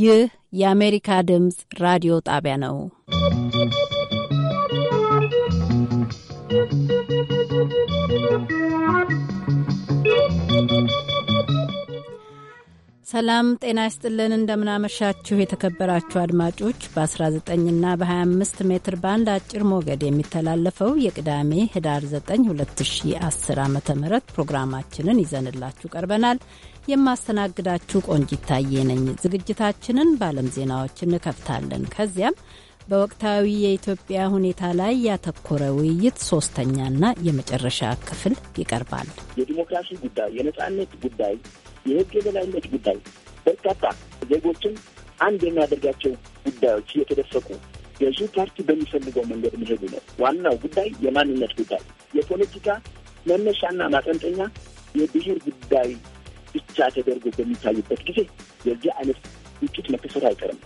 ይህ የአሜሪካ ድምፅ ራዲዮ ጣቢያ ነው። ሰላም ጤና ይስጥልን። እንደምናመሻችሁ የተከበራችሁ አድማጮች በ19 እና በ25 ሜትር ባንድ አጭር ሞገድ የሚተላለፈው የቅዳሜ ህዳር 9 2010 ዓ ም ፕሮግራማችንን ይዘንላችሁ ቀርበናል። የማስተናግዳችሁ ቆንጅ ታዬ ነኝ። ዝግጅታችንን በዓለም ዜናዎች እንከፍታለን። ከዚያም በወቅታዊ የኢትዮጵያ ሁኔታ ላይ ያተኮረ ውይይት ሶስተኛና የመጨረሻ ክፍል ይቀርባል። የዲሞክራሲ ጉዳይ፣ የነጻነት ጉዳይ፣ የህግ የበላይነት ጉዳይ በርካታ ዜጎችን አንድ የሚያደርጋቸው ጉዳዮች እየተደፈቁ ገዢው ፓርቲ በሚፈልገው መንገድ መሄዱ ነው። ዋናው ጉዳይ የማንነት ጉዳይ፣ የፖለቲካ መነሻና ማጠንጠኛ የብሔር ጉዳይ ብቻ ተደርጎ በሚታዩበት ጊዜ የዚህ አይነት ግጭት መከሰቱ አይቀርም።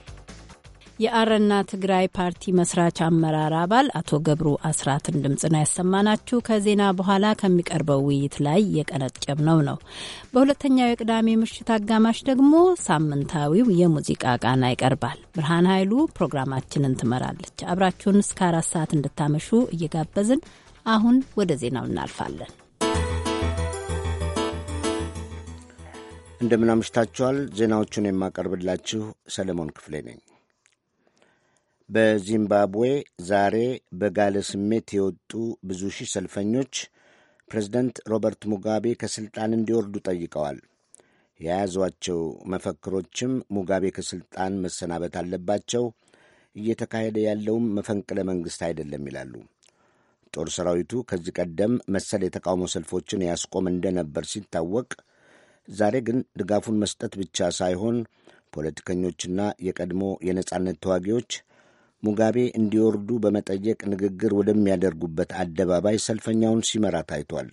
የአረና ትግራይ ፓርቲ መስራች አመራር አባል አቶ ገብሩ አስራትን ድምፅ ነው ያሰማናችሁ። ከዜና በኋላ ከሚቀርበው ውይይት ላይ የቀነጨብነው ነው። በሁለተኛው የቅዳሜ ምሽት አጋማሽ ደግሞ ሳምንታዊው የሙዚቃ ቃና ይቀርባል። ብርሃን ኃይሉ ፕሮግራማችንን ትመራለች። አብራችሁን እስከ አራት ሰዓት እንድታመሹ እየጋበዝን አሁን ወደ ዜናው እናልፋለን። እንደምን አምሽታችኋል። ዜናዎቹን የማቀርብላችሁ ሰለሞን ክፍሌ ነኝ። በዚምባብዌ ዛሬ በጋለ ስሜት የወጡ ብዙ ሺህ ሰልፈኞች ፕሬዝደንት ሮበርት ሙጋቤ ከሥልጣን እንዲወርዱ ጠይቀዋል። የያዟቸው መፈክሮችም ሙጋቤ ከሥልጣን መሰናበት አለባቸው፣ እየተካሄደ ያለውም መፈንቅለ መንግሥት አይደለም ይላሉ። ጦር ሰራዊቱ ከዚህ ቀደም መሰል የተቃውሞ ሰልፎችን ያስቆም እንደነበር ሲታወቅ ዛሬ ግን ድጋፉን መስጠት ብቻ ሳይሆን ፖለቲከኞችና የቀድሞ የነጻነት ተዋጊዎች ሙጋቤ እንዲወርዱ በመጠየቅ ንግግር ወደሚያደርጉበት አደባባይ ሰልፈኛውን ሲመራ ታይቷል።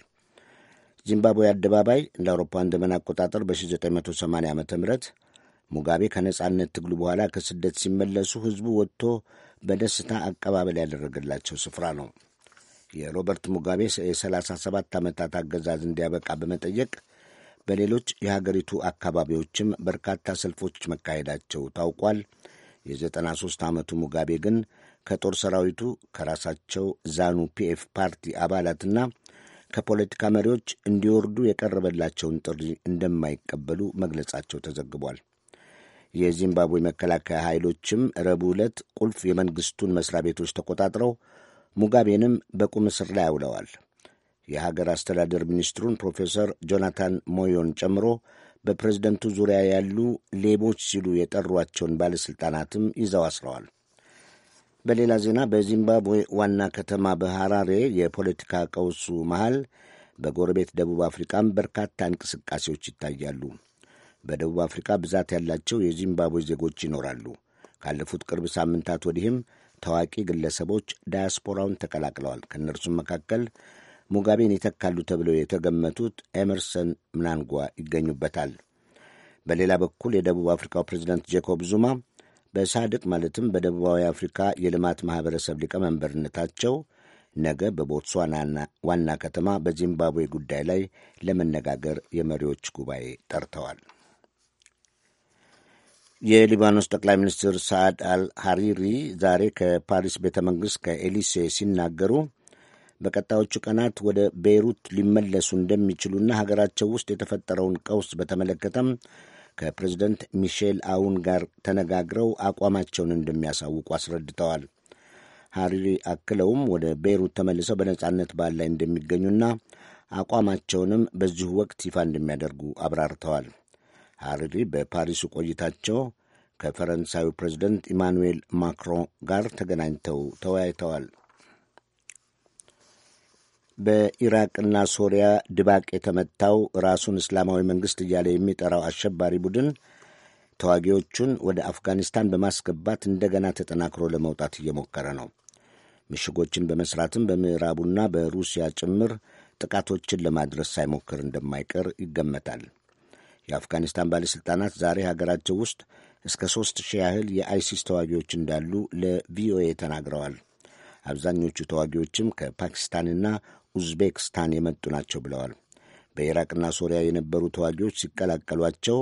ዚምባብዌ አደባባይ እንደ አውሮፓውያን ዘመን አቆጣጠር በ1980 ዓ ም ሙጋቤ ከነጻነት ትግሉ በኋላ ከስደት ሲመለሱ ሕዝቡ ወጥቶ በደስታ አቀባበል ያደረገላቸው ስፍራ ነው። የሮበርት ሙጋቤ የ37 ዓመታት አገዛዝ እንዲያበቃ በመጠየቅ በሌሎች የሀገሪቱ አካባቢዎችም በርካታ ሰልፎች መካሄዳቸው ታውቋል። የ93 ዓመቱ ሙጋቤ ግን ከጦር ሰራዊቱ ከራሳቸው ዛኑ ፒኤፍ ፓርቲ አባላትና ከፖለቲካ መሪዎች እንዲወርዱ የቀረበላቸውን ጥሪ እንደማይቀበሉ መግለጻቸው ተዘግቧል። የዚምባብዌ መከላከያ ኃይሎችም ረቡዕ ዕለት ቁልፍ የመንግሥቱን መሥሪያ ቤቶች ተቆጣጥረው ሙጋቤንም በቁም እስር ላይ አውለዋል። የሀገር አስተዳደር ሚኒስትሩን ፕሮፌሰር ጆናታን ሞዮን ጨምሮ በፕሬዝደንቱ ዙሪያ ያሉ ሌቦች ሲሉ የጠሯቸውን ባለሥልጣናትም ይዘው አስረዋል። በሌላ ዜና በዚምባብዌ ዋና ከተማ በሐራሬ የፖለቲካ ቀውሱ መሃል በጎረቤት ደቡብ አፍሪካም በርካታ እንቅስቃሴዎች ይታያሉ። በደቡብ አፍሪካ ብዛት ያላቸው የዚምባብዌ ዜጎች ይኖራሉ። ካለፉት ቅርብ ሳምንታት ወዲህም ታዋቂ ግለሰቦች ዳያስፖራውን ተቀላቅለዋል። ከእነርሱም መካከል ሙጋቤን ይተካሉ ተብለው የተገመቱት ኤመርሰን ምናንጓ ይገኙበታል። በሌላ በኩል የደቡብ አፍሪካው ፕሬዚዳንት ጄኮብ ዙማ በሳድቅ ማለትም በደቡባዊ አፍሪካ የልማት ማኅበረሰብ ሊቀመንበርነታቸው ነገ በቦትስዋና ዋና ከተማ በዚምባብዌ ጉዳይ ላይ ለመነጋገር የመሪዎች ጉባኤ ጠርተዋል። የሊባኖስ ጠቅላይ ሚኒስትር ሳዕድ አል ሐሪሪ ዛሬ ከፓሪስ ቤተ መንግሥት ከኤሊሴ ሲናገሩ በቀጣዮቹ ቀናት ወደ ቤይሩት ሊመለሱ እንደሚችሉና ሀገራቸው ውስጥ የተፈጠረውን ቀውስ በተመለከተም ከፕሬዝደንት ሚሼል አውን ጋር ተነጋግረው አቋማቸውን እንደሚያሳውቁ አስረድተዋል። ሀሪሪ አክለውም ወደ ቤይሩት ተመልሰው በነጻነት በዓል ላይ እንደሚገኙና አቋማቸውንም በዚሁ ወቅት ይፋ እንደሚያደርጉ አብራርተዋል። ሀሪሪ በፓሪሱ ቆይታቸው ከፈረንሳዩ ፕሬዝደንት ኢማኑዌል ማክሮን ጋር ተገናኝተው ተወያይተዋል። በኢራቅና ሶሪያ ድባቅ የተመታው ራሱን እስላማዊ መንግሥት እያለ የሚጠራው አሸባሪ ቡድን ተዋጊዎቹን ወደ አፍጋኒስታን በማስገባት እንደገና ተጠናክሮ ለመውጣት እየሞከረ ነው። ምሽጎችን በመስራትም በምዕራቡና በሩሲያ ጭምር ጥቃቶችን ለማድረስ ሳይሞክር እንደማይቀር ይገመታል። የአፍጋኒስታን ባለሥልጣናት ዛሬ ሀገራቸው ውስጥ እስከ ሦስት ሺህ ያህል የአይሲስ ተዋጊዎች እንዳሉ ለቪኦኤ ተናግረዋል። አብዛኞቹ ተዋጊዎችም ከፓኪስታንና ኡዝቤክስታን የመጡ ናቸው ብለዋል። በኢራቅና ሶሪያ የነበሩ ተዋጊዎች ሲቀላቀሏቸው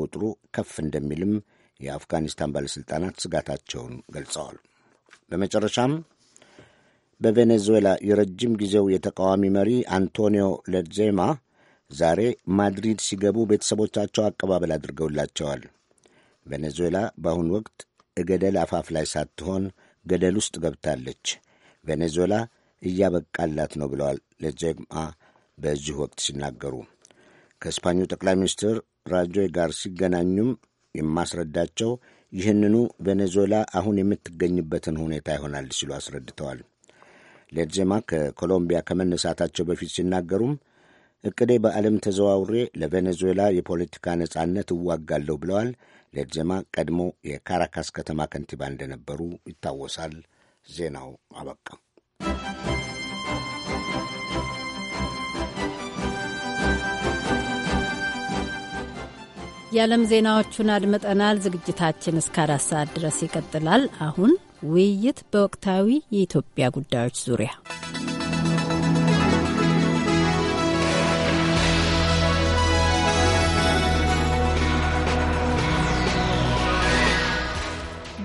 ቁጥሩ ከፍ እንደሚልም የአፍጋኒስታን ባለሥልጣናት ስጋታቸውን ገልጸዋል። በመጨረሻም በቬኔዙዌላ የረጅም ጊዜው የተቃዋሚ መሪ አንቶኒዮ ለዜማ ዛሬ ማድሪድ ሲገቡ ቤተሰቦቻቸው አቀባበል አድርገውላቸዋል። ቬኔዙዌላ በአሁኑ ወቅት እገደል አፋፍ ላይ ሳትሆን ገደል ውስጥ ገብታለች። ቬኔዙዌላ እያበቃላት ነው ብለዋል ለጀግማ በዚህ ወቅት ሲናገሩ። ከስፓኙ ጠቅላይ ሚኒስትር ራጆይ ጋር ሲገናኙም የማስረዳቸው ይህንኑ ቬኔዙዌላ አሁን የምትገኝበትን ሁኔታ ይሆናል ሲሉ አስረድተዋል። ሌድዜማ ከኮሎምቢያ ከመነሳታቸው በፊት ሲናገሩም እቅዴ በዓለም ተዘዋውሬ ለቬኔዙዌላ የፖለቲካ ነጻነት እዋጋለሁ ብለዋል። ሌድዜማ ቀድሞ የካራካስ ከተማ ከንቲባ እንደነበሩ ይታወሳል። ዜናው አበቃ። የዓለም ዜናዎቹን አድምጠናል። ዝግጅታችን እስከ አራት ሰዓት ድረስ ይቀጥላል። አሁን ውይይት በወቅታዊ የኢትዮጵያ ጉዳዮች ዙሪያ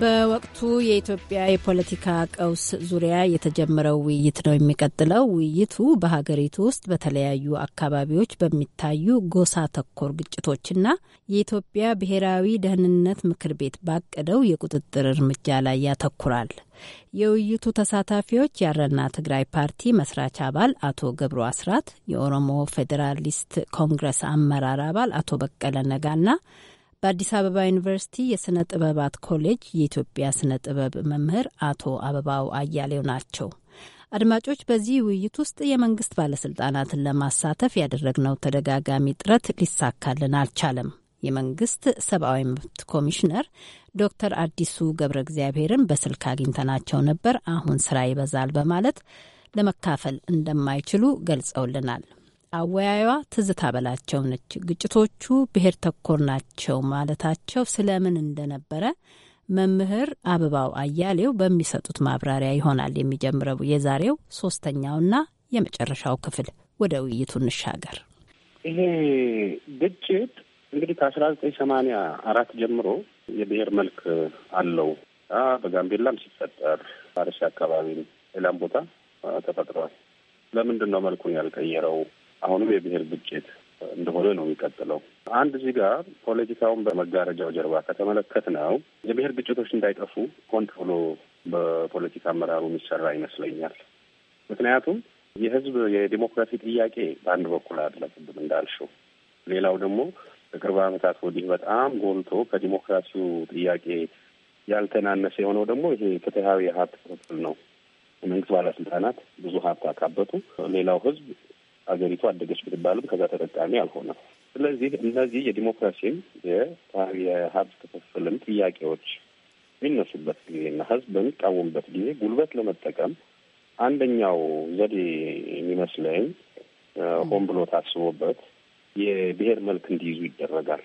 በወቅቱ የኢትዮጵያ የፖለቲካ ቀውስ ዙሪያ የተጀመረው ውይይት ነው የሚቀጥለው። ውይይቱ በሀገሪቱ ውስጥ በተለያዩ አካባቢዎች በሚታዩ ጎሳ ተኮር ግጭቶችና የኢትዮጵያ ብሔራዊ ደህንነት ምክር ቤት ባቀደው የቁጥጥር እርምጃ ላይ ያተኩራል። የውይይቱ ተሳታፊዎች የአረና ትግራይ ፓርቲ መስራች አባል አቶ ገብሩ አስራት፣ የኦሮሞ ፌዴራሊስት ኮንግረስ አመራር አባል አቶ በቀለ ነጋና በአዲስ አበባ ዩኒቨርሲቲ የሥነ ጥበባት ኮሌጅ የኢትዮጵያ ሥነ ጥበብ መምህር አቶ አበባው አያሌው ናቸው። አድማጮች፣ በዚህ ውይይት ውስጥ የመንግስት ባለስልጣናትን ለማሳተፍ ያደረግነው ተደጋጋሚ ጥረት ሊሳካልን አልቻለም። የመንግስት ሰብአዊ መብት ኮሚሽነር ዶክተር አዲሱ ገብረ እግዚአብሔርን በስልክ አግኝተናቸው ነበር። አሁን ስራ ይበዛል በማለት ለመካፈል እንደማይችሉ ገልጸውልናል። አወያዩዋ ትዝታ በላቸው ነች። ግጭቶቹ ብሔር ተኮር ናቸው ማለታቸው ስለምን እንደነበረ መምህር አበባው አያሌው በሚሰጡት ማብራሪያ ይሆናል የሚጀምረው የዛሬው ሶስተኛውና የመጨረሻው ክፍል። ወደ ውይይቱ እንሻገር። ይሄ ግጭት እንግዲህ ከአስራ ዘጠኝ ሰማንያ አራት ጀምሮ የብሔር መልክ አለው። በጋምቤላም ሲፈጠር አርሲ አካባቢም ሌላም ቦታ ተፈጥሯል። ለምንድን ነው መልኩን ያልቀየረው? አሁንም የብሔር ግጭት እንደሆነ ነው የሚቀጥለው። አንድ እዚህ ጋር ፖለቲካውን በመጋረጃው ጀርባ ከተመለከት ነው የብሔር ግጭቶች እንዳይጠፉ ኮንትሮሎ በፖለቲካ አመራሩ የሚሰራ ይመስለኛል። ምክንያቱም የህዝብ የዲሞክራሲ ጥያቄ በአንድ በኩል አለ ቅድም እንዳልሽው፣ ሌላው ደግሞ ከቅርብ ዓመታት ወዲህ በጣም ጎልቶ ከዲሞክራሲው ጥያቄ ያልተናነሰ የሆነው ደግሞ ይሄ ፍትሀዊ ሀብት ክፍል ነው። የመንግስት ባለስልጣናት ብዙ ሀብት አካበቱ፣ ሌላው ህዝብ አገሪቱ አደገች ብትባልም ከዛ ተጠቃሚ አልሆነም። ስለዚህ እነዚህ የዲሞክራሲም የሀብት ክፍፍልም ጥያቄዎች የሚነሱበት ጊዜና ህዝብ በሚቃወምበት ጊዜ ጉልበት ለመጠቀም አንደኛው ዘዴ የሚመስለኝ ሆን ብሎ ታስቦበት የብሔር መልክ እንዲይዙ ይደረጋል።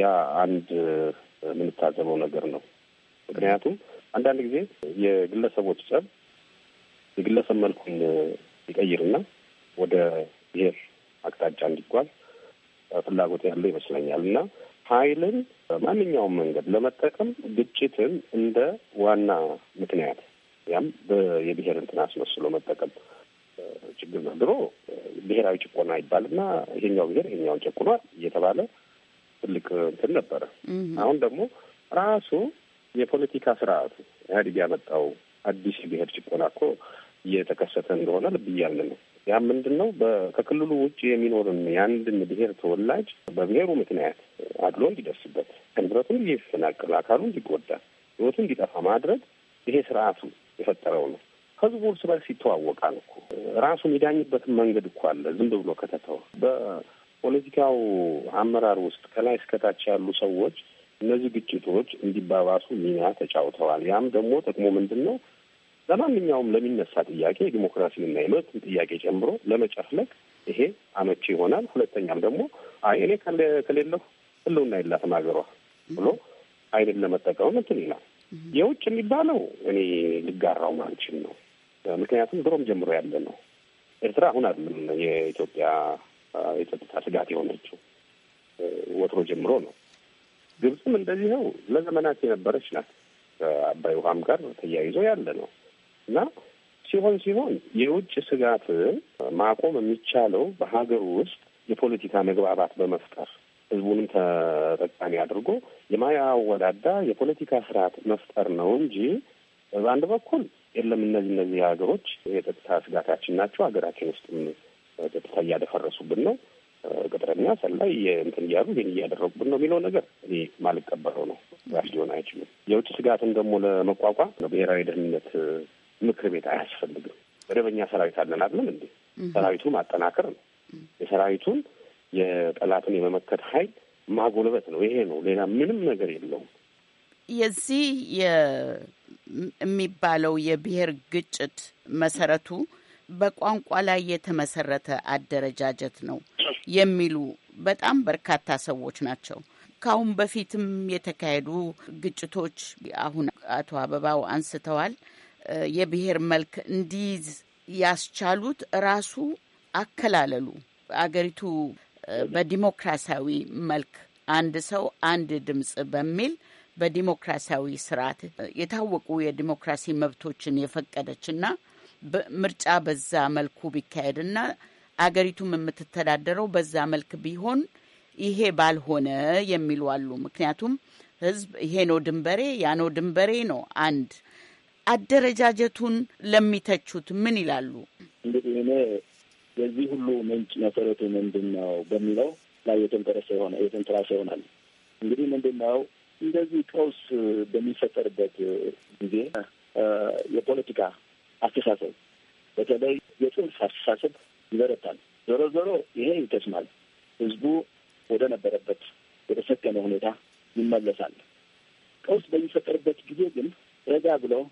ያ አንድ የምንታዘበው ነገር ነው። ምክንያቱም አንዳንድ ጊዜ የግለሰቦች ጸብ የግለሰብ መልኩን ይቀይርና ወደ ብሔር አቅጣጫ እንዲጓዝ ፍላጎት ያለው ይመስለኛል እና ኃይልን በማንኛውም መንገድ ለመጠቀም ግጭትን እንደ ዋና ምክንያት ያም የብሔር እንትን አስመስሎ መጠቀም ችግር ነው። ድሮ ብሔራዊ ጭቆና ይባልና ይሄኛው ብሔር ይሄኛውን ጨቁኗል እየተባለ ትልቅ እንትን ነበረ። አሁን ደግሞ ራሱ የፖለቲካ ስርዓቱ ኢህአዴግ ያመጣው አዲስ የብሔር ጭቆና እኮ እየተከሰተ እንደሆነ ልብ እያልን ነው። ያ ምንድን ነው? ከክልሉ ውጭ የሚኖርን የአንድን ብሔር ተወላጅ በብሔሩ ምክንያት አድሎ እንዲደርስበት፣ ንብረቱ እንዲፈናቅል፣ አካሉ እንዲጎዳ፣ ህይወቱ እንዲጠፋ ማድረግ ይሄ ስርዓቱ የፈጠረው ነው። ህዝቡ እርስ በርስ ይተዋወቃል እኮ ራሱ የዳኝበትን መንገድ እኮ አለ። ዝም ብሎ ከተተው በፖለቲካው አመራር ውስጥ ከላይ እስከታች ያሉ ሰዎች እነዚህ ግጭቶች እንዲባባሱ ሚና ተጫውተዋል። ያም ደግሞ ጥቅሙ ምንድን ነው? ለማንኛውም ለሚነሳ ጥያቄ ዲሞክራሲንና የመብትን ጥያቄ ጨምሮ ለመጨፍለቅ ይሄ አመቺ ይሆናል። ሁለተኛም ደግሞ አይ እኔ ከሌለሁ ህልውና የላትም ሀገሯ ብሎ አይንን ለመጠቀም እንትን ይላል። የውጭ የሚባለው እኔ ልጋራው ማንችን ነው። ምክንያቱም ድሮም ጀምሮ ያለ ነው። ኤርትራ አሁን አይደለም የኢትዮጵያ የጸጥታ ስጋት የሆነችው ወትሮ ጀምሮ ነው። ግብፅም እንደዚህ ነው። ለዘመናት የነበረች ናት። ከአባይ ውሃም ጋር ተያይዞ ያለ ነው። እና ሲሆን ሲሆን የውጭ ስጋትን ማቆም የሚቻለው በሀገር ውስጥ የፖለቲካ መግባባት በመፍጠር ህዝቡንም ተጠቃሚ አድርጎ የማያወዳዳ የፖለቲካ ስርዓት መፍጠር ነው እንጂ በአንድ በኩል የለም እነዚህ እነዚህ ሀገሮች የጸጥታ ስጋታችን ናቸው፣ ሀገራችን ውስጥም ጸጥታ እያደፈረሱብን ነው፣ ቅጥረኛ ሰላይ እንትን እያሉ ይህን እያደረጉብን ነው የሚለው ነገር እኔ ማልቀበለው ነው። ራሽ ሊሆን አይችሉም። የውጭ ስጋትን ደግሞ ለመቋቋም ብሔራዊ ደህንነት ምክር ቤት አያስፈልግም። መደበኛ ሰራዊት አለን አይደለም እንዴ? ሰራዊቱ ማጠናከር ነው። የሰራዊቱን የጠላትን የመመከት ኃይል ማጎልበት ነው። ይሄ ነው። ሌላ ምንም ነገር የለውም። የዚህ የሚባለው የብሔር ግጭት መሰረቱ በቋንቋ ላይ የተመሰረተ አደረጃጀት ነው የሚሉ በጣም በርካታ ሰዎች ናቸው። ከአሁን በፊትም የተካሄዱ ግጭቶች አሁን አቶ አበባው አንስተዋል የብሔር መልክ እንዲይዝ ያስቻሉት ራሱ አከላለሉ አገሪቱ በዲሞክራሲያዊ መልክ አንድ ሰው አንድ ድምፅ በሚል በዲሞክራሲያዊ ስርዓት የታወቁ የዲሞክራሲ መብቶችን የፈቀደችና ምርጫ በዛ መልኩ ቢካሄድ እና አገሪቱም የምትተዳደረው በዛ መልክ ቢሆን ይሄ ባልሆነ የሚሉ አሉ። ምክንያቱም ህዝብ ይሄ ነው ድንበሬ ያ ነው ድንበሬ ነው አንድ አደረጃጀቱን ለሚተቹት ምን ይላሉ? እንግዲህ እኔ የዚህ ሁሉ ምንጭ መሰረቱ ምንድን ነው በሚለው ላይ የተንጠረሰ የሆነ የተንጠራሰ ይሆናል። እንግዲህ ምንድን ነው እንደዚህ ቀውስ በሚፈጠርበት ጊዜ የፖለቲካ አስተሳሰብ በተለይ የጽንፍ አስተሳሰብ ይበረታል። ዞሮ ዞሮ ይሄ ይተስማል። ህዝቡ ወደ ነበረበት የተሰከነ ሁኔታ ይመለሳል። ቀውስ በሚፈጠርበት ጊዜ ግን ረጋ ብለው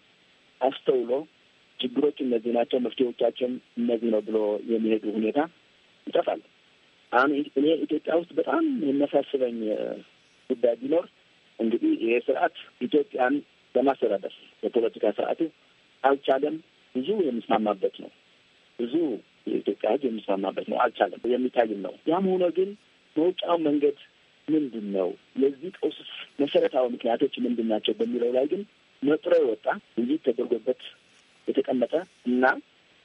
አስተውሎ ችግሮች እነዚህ ናቸው፣ መፍትሄዎቻችን እነዚህ ነው ብሎ የሚሄዱ ሁኔታ ይጠፋል። አሁን እኔ ኢትዮጵያ ውስጥ በጣም የሚያሳስበኝ ጉዳይ ቢኖር እንግዲህ ይሄ ስርዓት ኢትዮጵያን ለማስተዳደር የፖለቲካ ስርዓቱ አልቻለም። ብዙ የሚስማማበት ነው፣ ብዙ የኢትዮጵያ ህዝብ የሚስማማበት ነው። አልቻለም፣ የሚታይም ነው። ያም ሆኖ ግን መውጫው መንገድ ምንድን ነው? የዚህ ቀውስ መሰረታዊ ምክንያቶች ምንድን ናቸው? በሚለው ላይ ግን ነጥሮ የወጣ ውይይት ተደርጎበት የተቀመጠ እና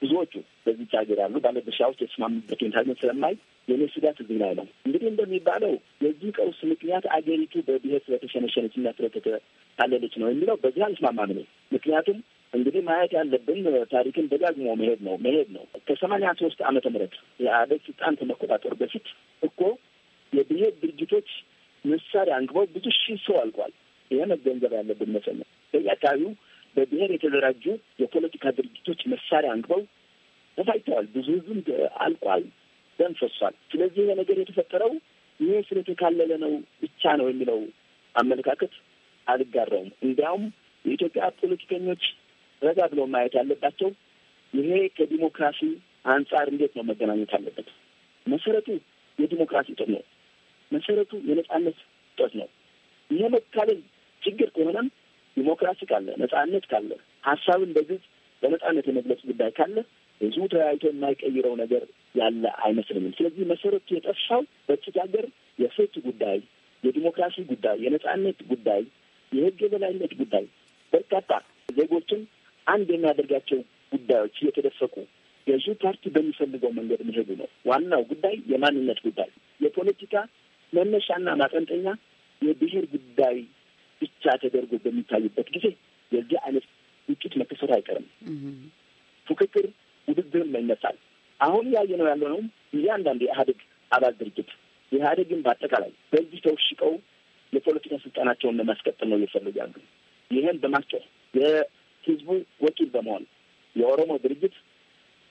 ብዙዎቹ በዚች ሀገር ያሉ ውስጥ የተስማሙበት ሁኔታ ስለማይ የኔ ስጋት እዚህ ላይ ነው። እንግዲህ እንደሚባለው የዚህ ቀውስ ምክንያት አገሪቱ በብሔር ስለተሸነሸነች እና ስለተታለለች ነው የሚለው በዚህ አልስማማም ነው። ምክንያቱም እንግዲህ ማየት ያለብን ታሪክን ደጋግሞ መሄድ ነው መሄድ ነው። ከሰማንያ ሶስት ዓመተ ምህረት የኢህአዴግ ስልጣን ከመቆጣጠሩ በፊት እኮ የብሔር ድርጅቶች መሳሪያ አንግበው ብዙ ሺህ ሰው አልቋል። ይሄ መገንዘብ ያለብን መሰለኝ። በየአካባቢው በብሔር የተደራጁ የፖለቲካ ድርጅቶች መሳሪያ አንግበው ተፋይተዋል። ብዙ ህዝብም አልቋል፣ ደም ፈሷል። ስለዚህ ይሄ ነገር የተፈጠረው ይሄ ስለተካለለ ነው ብቻ ነው የሚለው አመለካከት አልጋራውም። እንዲያውም የኢትዮጵያ ፖለቲከኞች ረጋ ብለው ማየት ያለባቸው ይሄ ከዲሞክራሲ አንጻር እንዴት ነው መገናኘት አለበት። መሰረቱ የዲሞክራሲ እጦት ነው። መሰረቱ የነጻነት እጦት ነው። ይሄ መካለል ችግር ከሆነም ዲሞክራሲ ካለ፣ ነጻነት ካለ፣ ሀሳብን በግልጽ በነጻነት የመግለጽ ጉዳይ ካለ ብዙ ተያይቶ የማይቀይረው ነገር ያለ አይመስለኝም። ስለዚህ መሰረቱ የጠፋው በእጅግ ሀገር የፍትህ ጉዳይ፣ የዲሞክራሲ ጉዳይ፣ የነጻነት ጉዳይ፣ የህግ የበላይነት ጉዳይ በርካታ ዜጎችን አንድ የሚያደርጋቸው ጉዳዮች እየተደፈቁ ገዢው ፓርቲ በሚፈልገው መንገድ መሄዱ ነው። ዋናው ጉዳይ የማንነት ጉዳይ፣ የፖለቲካ መነሻና ማጠንጠኛ የብሔር ጉዳይ ብቻ ተደርጎ በሚታይበት ጊዜ የዚህ አይነት ውጭት መከሰቱ አይቀርም። ፉክክር፣ ውድድርም ይነሳል። አሁን ያለው ነው። እያንዳንዱ የኢህአዴግ አባል ድርጅት የኢህአዴግን በአጠቃላይ በዚህ ተውሽቀው የፖለቲካ ስልጣናቸውን ለማስቀጠል ነው እየፈለጋሉ። ይህን በማስጨር የህዝቡ ወኪል በመሆን የኦሮሞ ድርጅት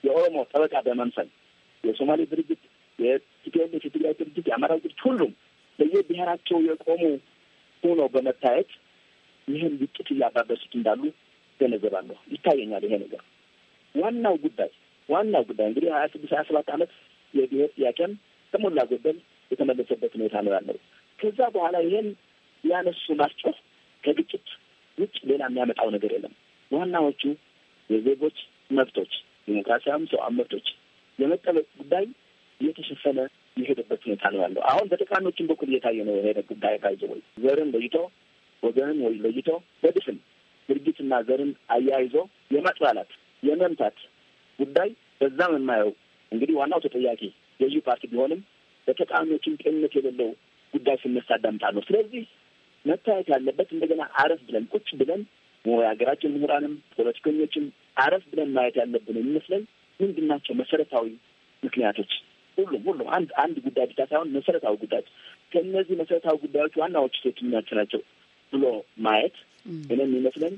የኦሮሞ ጠበቃ በመምሰል የሶማሌ ድርጅት፣ የትግራይ የትግራይ ድርጅት፣ የአማራ ድርጅት ሁሉም በየብሔራቸው የቆሙ ሆኖ በመታየት ይህን ግጭት እያባበሱት እንዳሉ ገነዘባለሁ። ይታየኛል ይሄ ነገር ዋናው ጉዳይ ዋናው ጉዳይ እንግዲህ ሀያ ስድስት ሀያ ሰባት ዓመት የብሔር ጥያቄም ከሞላ ጎደል የተመለሰበት ሁኔታ ነው ያለው። ከዛ በኋላ ይሄን ያነሱ ማስጮህ ከግጭት ውጭ ሌላ የሚያመጣው ነገር የለም። ዋናዎቹ የዜጎች መብቶች ዲሞክራሲያዊ ሰብአዊ መብቶች የመጠበቅ ጉዳይ የተሸፈነ የሄደበት ሁኔታ ነው ያለው። አሁን በተቃኖችን በኩል እየታየ ነው የሄደ ጉዳይ ታይዘ ወይ ዘርን ለይቶ ወገንን ወይ ለይቶ በድፍን ድርጊትና ዘርን አያይዞ የማጥላላት የመምታት ጉዳይ በዛም የማየው እንግዲህ ዋናው ተጠያቂ የዚሁ ፓርቲ ቢሆንም በተቃዋሚዎችን ጤንነት የሌለው ጉዳይ ስነሳ አዳምጣለሁ። ስለዚህ መታየት ያለበት እንደገና አረፍ ብለን ቁጭ ብለን የሀገራችን ምሁራንም ፖለቲከኞችም አረፍ ብለን ማየት ያለብን የሚመስለኝ ምንድናቸው መሰረታዊ ምክንያቶች ሁሉም ሁሉም አንድ አንድ ጉዳይ ብቻ ሳይሆን መሰረታዊ ጉዳዮች ከእነዚህ መሰረታዊ ጉዳዮች ዋናዎቹ ሴትኛቸው ናቸው ብሎ ማየት እኔ የሚመስለኝ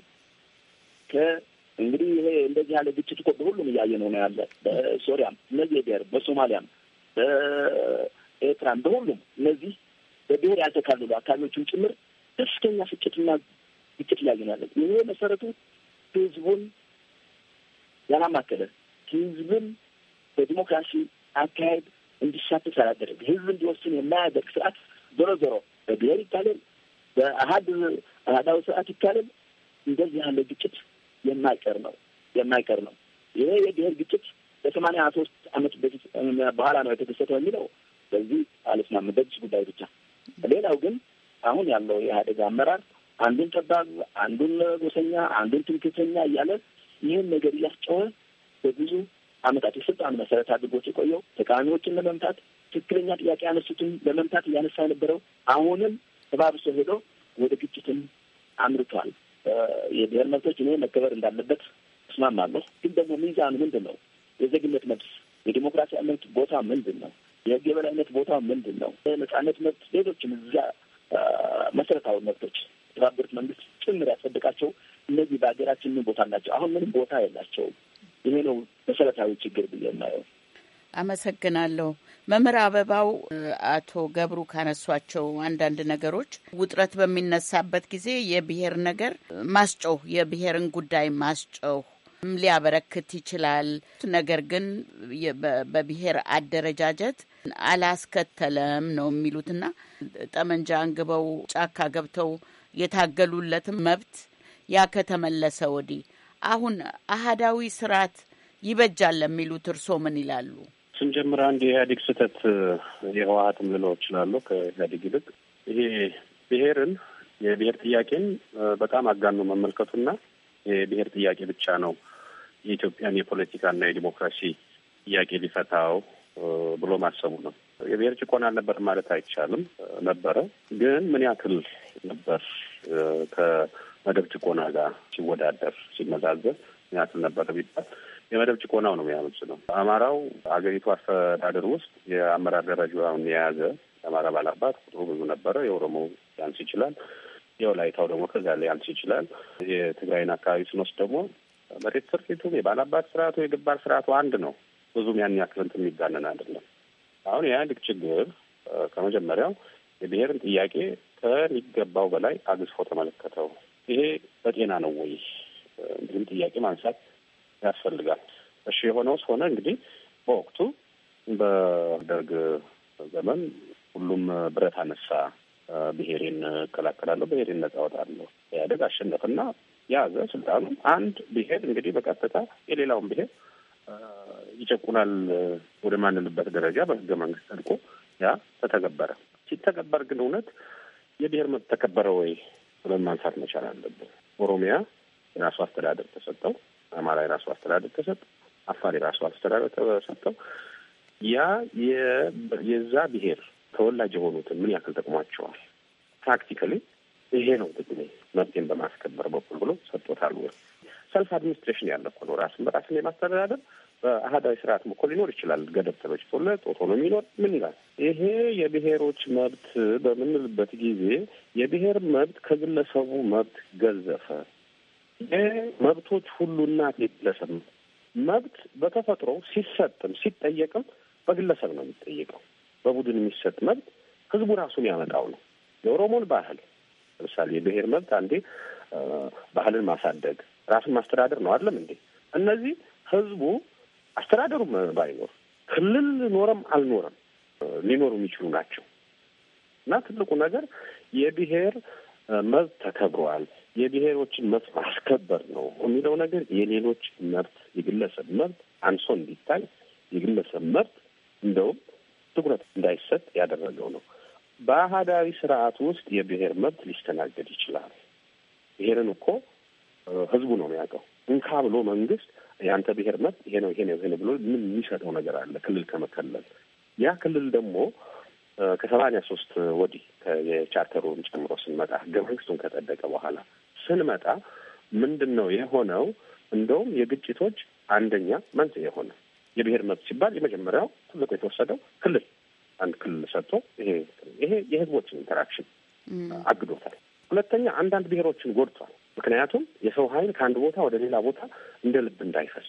እንግዲህ ይሄ እንደዚህ ያለ ግጭት እኮ በሁሉም እያየ ነው ነው ያለ በሶሪያም፣ እነዚህ ብሔር በሶማሊያም፣ በኤርትራም፣ በሁሉም እነዚህ በብሔር ያልተካለሉ አካባቢዎችም ጭምር ከፍተኛ ፍጭትና ግጭት እያየ ነው ያለ። ይሄ መሰረቱ ህዝቡን ያላማከለ ህዝብን በዲሞክራሲ አካሄድ እንዲሳተፍ አላደረግ ህዝብ እንዲወስን የማያደርግ ስርዓት ዞሮ ዞሮ በብሔር ይካለል፣ በአሀድ አህዳዊ ስርዓት ይካለል፣ እንደዚህ ያለ ግጭት የማይቀር ነው የማይቀር ነው። ይሄ የብሔር ግጭት በሰማንያ ሶስት አመት በፊት በኋላ ነው የተከሰተው የሚለው በዚህ አልስማማም፣ በዚህ ጉዳይ ብቻ። ሌላው ግን አሁን ያለው የኢህአዴግ አመራር አንዱን ጠባብ፣ አንዱን ጎሰኛ፣ አንዱን ትምክህተኛ እያለ ይህን ነገር እያስጨወ በብዙ አመታት የስልጣን መሰረት አድርጎት የቆየው ተቃዋሚዎችን ለመምታት ትክክለኛ ጥያቄ ያነሱትን ለመምታት እያነሳ የነበረው አሁንም ተባብሶ ሄዶ ወደ ግጭትም አምርቷል። የብሔር መብቶች እኔ መከበር እንዳለበት እስማማለሁ። ግን ደግሞ ሚዛኑ ምንድን ነው? የዜግነት መብት፣ የዲሞክራሲ መብት ቦታ ምንድን ነው? የህግ የበላይነት ቦታ ምንድን ነው? የነጻነት መብት፣ ሌሎችም እዚያ መሰረታዊ መብቶች የተባበሩት መንግስት ጭምር ያጸደቃቸው እነዚህ በሀገራችን ምን ቦታ አላቸው? አሁን ምንም ቦታ የላቸውም። ይሄ ነው መሰረታዊ ችግር ብዬ የማየው። አመሰግናለሁ። መምህር አበባው አቶ ገብሩ ካነሷቸው አንዳንድ ነገሮች ውጥረት በሚነሳበት ጊዜ የብሔር ነገር ማስጮህ የብሔርን ጉዳይ ማስጮህ ሊያበረክት ይችላል። ነገር ግን በብሔር አደረጃጀት አላስከተለም ነው የሚሉትና ጠመንጃ አንግበው ጫካ ገብተው የታገሉለትም መብት ያ ከተመለሰ ወዲህ አሁን አህዳዊ ስርዓት ይበጃል ለሚሉት እርስዎ ምን ይላሉ? ስንጀምር አንድ የኢህአዴግ ስህተት የህወሀትም ልለው እችላለሁ ከኢህአዴግ ይልቅ ይሄ ብሔርን የብሔር ጥያቄን በጣም አጋኖ መመልከቱና የብሔር ጥያቄ ብቻ ነው የኢትዮጵያን የፖለቲካና የዲሞክራሲ ጥያቄ ሊፈታው ብሎ ማሰቡ ነው። የብሄር ጭቆና አልነበር ማለት አይቻልም፣ ነበረ። ግን ምን ያክል ነበር? መደብ ጭቆና ጋር ሲወዳደር ሲመዛዘብ ምክንያቱም ነበረ ቢባል የመደብ ጭቆናው ነው የሚያመጽ ነው። አማራው አገሪቱ አስተዳደር ውስጥ የአመራር ደረጃውን የያዘ የአማራ ባላባት ቁጥሩ ብዙ ነበረ። የኦሮሞ ሊያንስ ይችላል። የወላይታው ደግሞ ከዚያ ሊያንስ ይችላል። የትግራይን አካባቢ ስንወስድ ደግሞ መሬት ስርፊቱ የባላባት ስርዓቱ የገባር ስርዓቱ አንድ ነው። ብዙም ያን ያክል እንትን የሚጋነን አይደለም። አሁን የኢህአዴግ ችግር ከመጀመሪያው የብሔርን ጥያቄ ከሚገባው በላይ አግዝፎ ተመለከተው። ይሄ በጤና ነው ወይ እንግዲህም ጥያቄ ማንሳት ያስፈልጋል። እሺ የሆነውስ ሆነ። እንግዲህ በወቅቱ በደርግ ዘመን ሁሉም ብረት አነሳ። ብሔሬን እከላከላለሁ፣ ብሔሬን ነጻ ወጣለሁ። ኢህአዴግ አሸነፈና ያዘ ስልጣኑ። አንድ ብሔር እንግዲህ በቀጥታ የሌላውን ብሔር ይጨቁናል ወደማንልበት ደረጃ በህገ መንግስት ጸድቆ ያ ተተገበረ። ሲተገበር ግን እውነት የብሔር መብት ተከበረ ወይ ብለን ማንሳት መቻል አለብን። ኦሮሚያ የራሱ አስተዳደር ተሰጠው፣ አማራ የራሱ አስተዳደር ተሰጠው፣ አፋር የራሱ አስተዳደር ተሰጠው። ያ የዛ ብሔር ተወላጅ የሆኑትን ምን ያክል ጠቅሟቸዋል? ፕራክቲካሊ ይሄ ነው ጥቅሜ መብቴን በማስከበር በኩል ብሎ ሰጥቶታል ወይ? ሰልፍ አድሚኒስትሬሽን ያለ እኮ ነው። ራስን በራስን የማስተዳደር በአህዳዊ ስርዓት እኮ ሊኖር ይችላል። ገደብ ተበጅቶለት ኦቶኖሚ ይኖር ምን ይላል ይሄ? የብሔሮች መብት በምንልበት ጊዜ የብሔር መብት ከግለሰቡ መብት ገዘፈ። መብቶች ሁሉ እናት የግለሰብ ነው። መብት በተፈጥሮ ሲሰጥም ሲጠየቅም በግለሰብ ነው የሚጠየቀው። በቡድን የሚሰጥ መብት ህዝቡ ራሱን ያመጣው ነው። የኦሮሞን ባህል ለምሳሌ የብሔር መብት አንዴ ባህልን ማሳደግ ራሱን ማስተዳደር ነው አይደለም እንዴ? እነዚህ ህዝቡ አስተዳደሩም ባይኖር ክልል ኖረም አልኖረም ሊኖሩ የሚችሉ ናቸው እና ትልቁ ነገር የብሔር መብት ተከብረዋል፣ የብሔሮችን መብት ማስከበር ነው የሚለው ነገር የሌሎች መብት የግለሰብ መብት አንሶ እንዲታይ የግለሰብ መብት እንደውም ትኩረት እንዳይሰጥ ያደረገው ነው። በአህዳዊ ስርዓት ውስጥ የብሔር መብት ሊስተናገድ ይችላል። ብሔርን እኮ ህዝቡ ነው የሚያውቀው። እንካ ብሎ መንግስት የአንተ ብሔር መብት ይሄ ነው ይሄ ነው ይሄ ነው ብሎ ምን የሚሰጠው ነገር አለ? ክልል ከመከለል ያ ክልል ደግሞ ከሰማንያ ሶስት ወዲህ የቻርተሩን ጨምሮ ስንመጣ ህገ መንግስቱን ከጸደቀ በኋላ ስንመጣ ምንድን ነው የሆነው? እንደውም የግጭቶች አንደኛ መንስኤ የሆነ የብሔር መብት ሲባል የመጀመሪያው ትልቁ የተወሰደው ክልል አንድ ክልል ሰጥቶ ይሄ ይሄ የህዝቦችን ኢንተራክሽን አግዶታል። ሁለተኛ አንዳንድ ብሔሮችን ጎድቷል። ምክንያቱም የሰው ኃይል ከአንድ ቦታ ወደ ሌላ ቦታ እንደ ልብ እንዳይፈስ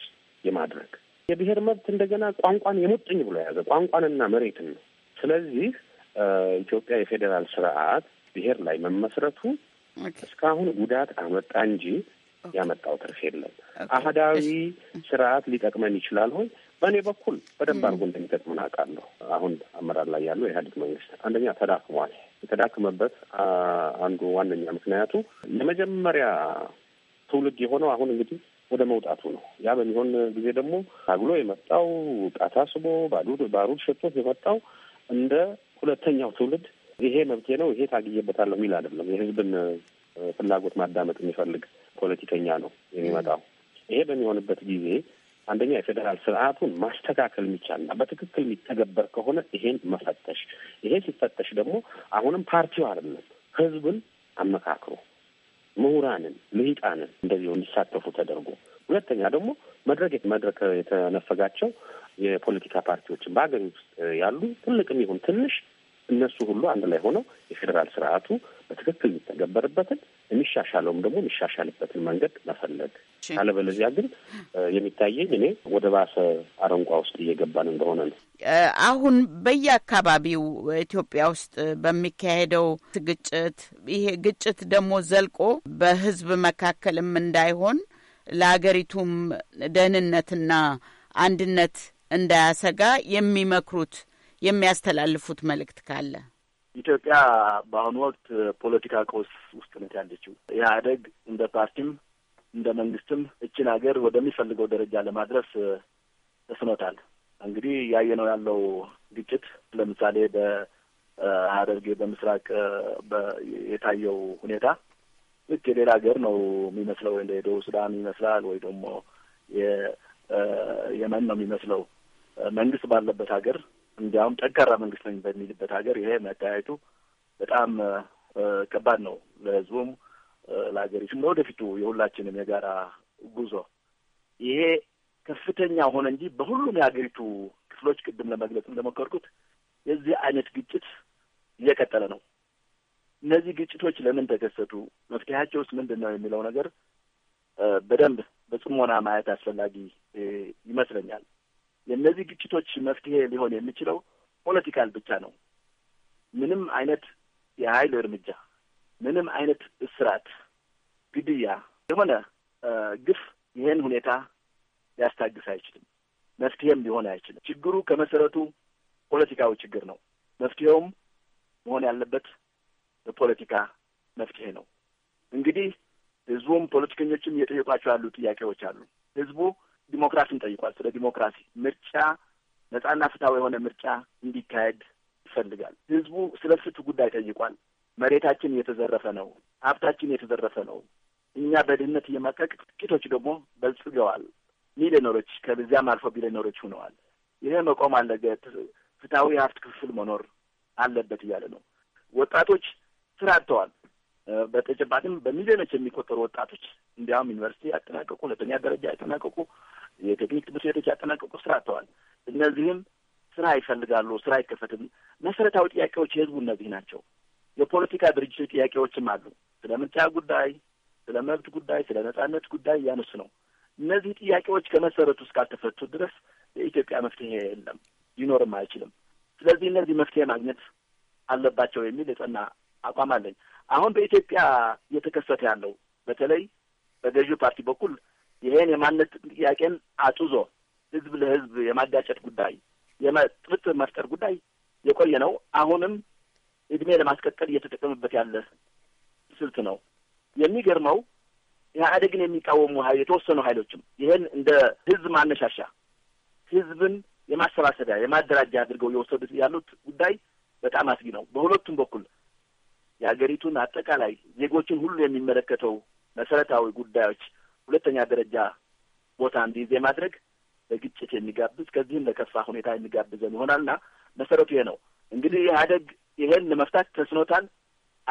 የማድረግ የብሔር መብት እንደገና ቋንቋን የሙጥኝ ብሎ የያዘ ቋንቋንና መሬትን ነው። ስለዚህ ኢትዮጵያ የፌዴራል ስርዓት ብሔር ላይ መመስረቱ እስካሁን ጉዳት አመጣ እንጂ ያመጣው ትርፍ የለም። አህዳዊ ስርዓት ሊጠቅመን ይችላል ሆይ በእኔ በኩል በደንብ አድርጎ እንደሚጠቅመን አውቃለሁ። አሁን አመራር ላይ ያለው የኢህአዴግ መንግስት አንደኛ ተዳክሟል። የተዳከመበት አንዱ ዋነኛ ምክንያቱ የመጀመሪያ ትውልድ የሆነው አሁን እንግዲህ ወደ መውጣቱ ነው። ያ በሚሆን ጊዜ ደግሞ ታግሎ የመጣው ዕቃ ታስቦ ባሩድ ሸጦት የመጣው እንደ ሁለተኛው ትውልድ ይሄ መብቴ ነው ይሄ ታግዬበታለሁ የሚል አይደለም። የህዝብን ፍላጎት ማዳመጥ የሚፈልግ ፖለቲከኛ ነው የሚመጣው። ይሄ በሚሆንበት ጊዜ አንደኛ የፌዴራል ስርዓቱን ማስተካከል የሚቻልና በትክክል የሚተገበር ከሆነ ይሄን መፈተሽ፣ ይሄ ሲፈተሽ ደግሞ አሁንም ፓርቲው አይደለም ህዝብን አመካክሮ ምሁራንን፣ ልሂቃንን እንደዚሁ እንዲሳተፉ ተደርጎ ሁለተኛ ደግሞ መድረክ መድረክ የተነፈጋቸው የፖለቲካ ፓርቲዎችን በሀገር ውስጥ ያሉ ትልቅም ይሁን ትንሽ እነሱ ሁሉ አንድ ላይ ሆነው የፌዴራል ስርዓቱ በትክክል የሚተገበርበትን የሚሻሻለውም ደግሞ የሚሻሻልበትን መንገድ መፈለግ አለበለዚያ ግን የሚታየኝ እኔ ወደ ባሰ አረንቋ ውስጥ እየገባን እንደሆነ ነው። አሁን በየአካባቢው ኢትዮጵያ ውስጥ በሚካሄደው ግጭት ይሄ ግጭት ደግሞ ዘልቆ በህዝብ መካከልም እንዳይሆን ለአገሪቱም ደህንነትና አንድነት እንዳያሰጋ የሚመክሩት የሚያስተላልፉት መልእክት ካለ ኢትዮጵያ በአሁኑ ወቅት ፖለቲካ ቀውስ ውስጥ ነት ያለችው ኢህአደግ እንደ ፓርቲም እንደ መንግስትም እችን ሀገር ወደሚፈልገው ደረጃ ለማድረስ ተስኖታል። እንግዲህ ያየነው ያለው ግጭት ለምሳሌ በሀረርጌ በምስራቅ የታየው ሁኔታ ልክ የሌላ ሀገር ነው የሚመስለው፣ ወይ የደቡብ ሱዳን ይመስላል፣ ወይ ደግሞ የመን ነው የሚመስለው። መንግስት ባለበት ሀገር እንዲያውም ጠንካራ መንግስት ነኝ በሚልበት ሀገር ይሄ መታየቱ በጣም ከባድ ነው ለህዝቡም ለሀገሪቱም ለወደፊቱ የሁላችንም የጋራ ጉዞ ይሄ ከፍተኛ ሆነ እንጂ በሁሉም የሀገሪቱ ክፍሎች ቅድም ለመግለጽ እንደሞከርኩት የዚህ አይነት ግጭት እየቀጠለ ነው። እነዚህ ግጭቶች ለምን ተከሰቱ፣ መፍትሄያቸውስ ምንድን ነው የሚለው ነገር በደንብ በጽሞና ማየት አስፈላጊ ይመስለኛል። የእነዚህ ግጭቶች መፍትሄ ሊሆን የሚችለው ፖለቲካል ብቻ ነው። ምንም አይነት የሀይል እርምጃ ምንም አይነት እስራት፣ ግድያ፣ የሆነ ግፍ ይህን ሁኔታ ሊያስታግስ አይችልም። መፍትሄም ሊሆን አይችልም። ችግሩ ከመሰረቱ ፖለቲካዊ ችግር ነው። መፍትሄውም መሆን ያለበት በፖለቲካ መፍትሄ ነው። እንግዲህ ህዝቡም ፖለቲከኞችም እየጠየቋቸው ያሉ ጥያቄዎች አሉ። ህዝቡ ዲሞክራሲን ጠይቋል። ስለ ዲሞክራሲ፣ ምርጫ፣ ነጻና ፍትሃዊ የሆነ ምርጫ እንዲካሄድ ይፈልጋል። ህዝቡ ስለ ፍትህ ጉዳይ ጠይቋል። መሬታችን እየተዘረፈ ነው፣ ሀብታችን እየተዘረፈ ነው፣ እኛ በድህነት እየማቀቅ ጥቂቶች ደግሞ በልጽገዋል፣ ሚሊዮነሮች ከዚያም አልፎ ቢሊዮነሮች ሆነዋል። ይሄ መቆም አለበት። ፍትሐዊ የሀብት ክፍፍል መኖር አለበት እያለ ነው። ወጣቶች ስራ አጥተዋል። በተጨባጭም በሚሊዮኖች የሚቆጠሩ ወጣቶች እንዲያውም ዩኒቨርሲቲ ያጠናቀቁ፣ ሁለተኛ ደረጃ ያጠናቀቁ፣ የቴክኒክ ትምህርት ቤቶች ያጠናቀቁ ስራ አጥተዋል። እነዚህም ስራ ይፈልጋሉ። ስራ አይከፈትም። መሰረታዊ ጥያቄዎች የህዝቡ እነዚህ ናቸው። የፖለቲካ ድርጅቶች ጥያቄዎችም አሉ። ስለ ምርጫ ጉዳይ፣ ስለ መብት ጉዳይ፣ ስለ ነጻነት ጉዳይ እያነሱ ነው። እነዚህ ጥያቄዎች ከመሰረቱ እስካልተፈቱ ድረስ የኢትዮጵያ መፍትሄ የለም፣ ሊኖርም አይችልም። ስለዚህ እነዚህ መፍትሄ ማግኘት አለባቸው የሚል የጸና አቋም አለኝ። አሁን በኢትዮጵያ እየተከሰተ ያለው በተለይ በገዢው ፓርቲ በኩል ይሄን የማንነት ጥያቄን አጡዞ ህዝብ ለህዝብ የማጋጨት ጉዳይ፣ የጥብጥር መፍጠር ጉዳይ የቆየ ነው። አሁንም እድሜ ለማስቀጠል እየተጠቀመበት ያለ ስልት ነው። የሚገርመው ኢህአዴግን የሚቃወሙ የተወሰኑ ሀይሎችም ይህን እንደ ህዝብ ማነሻሻ ህዝብን የማሰባሰቢያ የማደራጃ አድርገው የወሰዱት ያሉት ጉዳይ በጣም አስጊ ነው። በሁለቱም በኩል የሀገሪቱን አጠቃላይ ዜጎችን ሁሉ የሚመለከተው መሰረታዊ ጉዳዮች ሁለተኛ ደረጃ ቦታ እንዲይዝ የማድረግ ለግጭት የሚጋብዝ ከዚህም ለከፋ ሁኔታ የሚጋብዘን ይሆናልና መሰረቱ ይሄ ነው። እንግዲህ ኢህአዴግ ይህን ለመፍታት ተስኖታል፣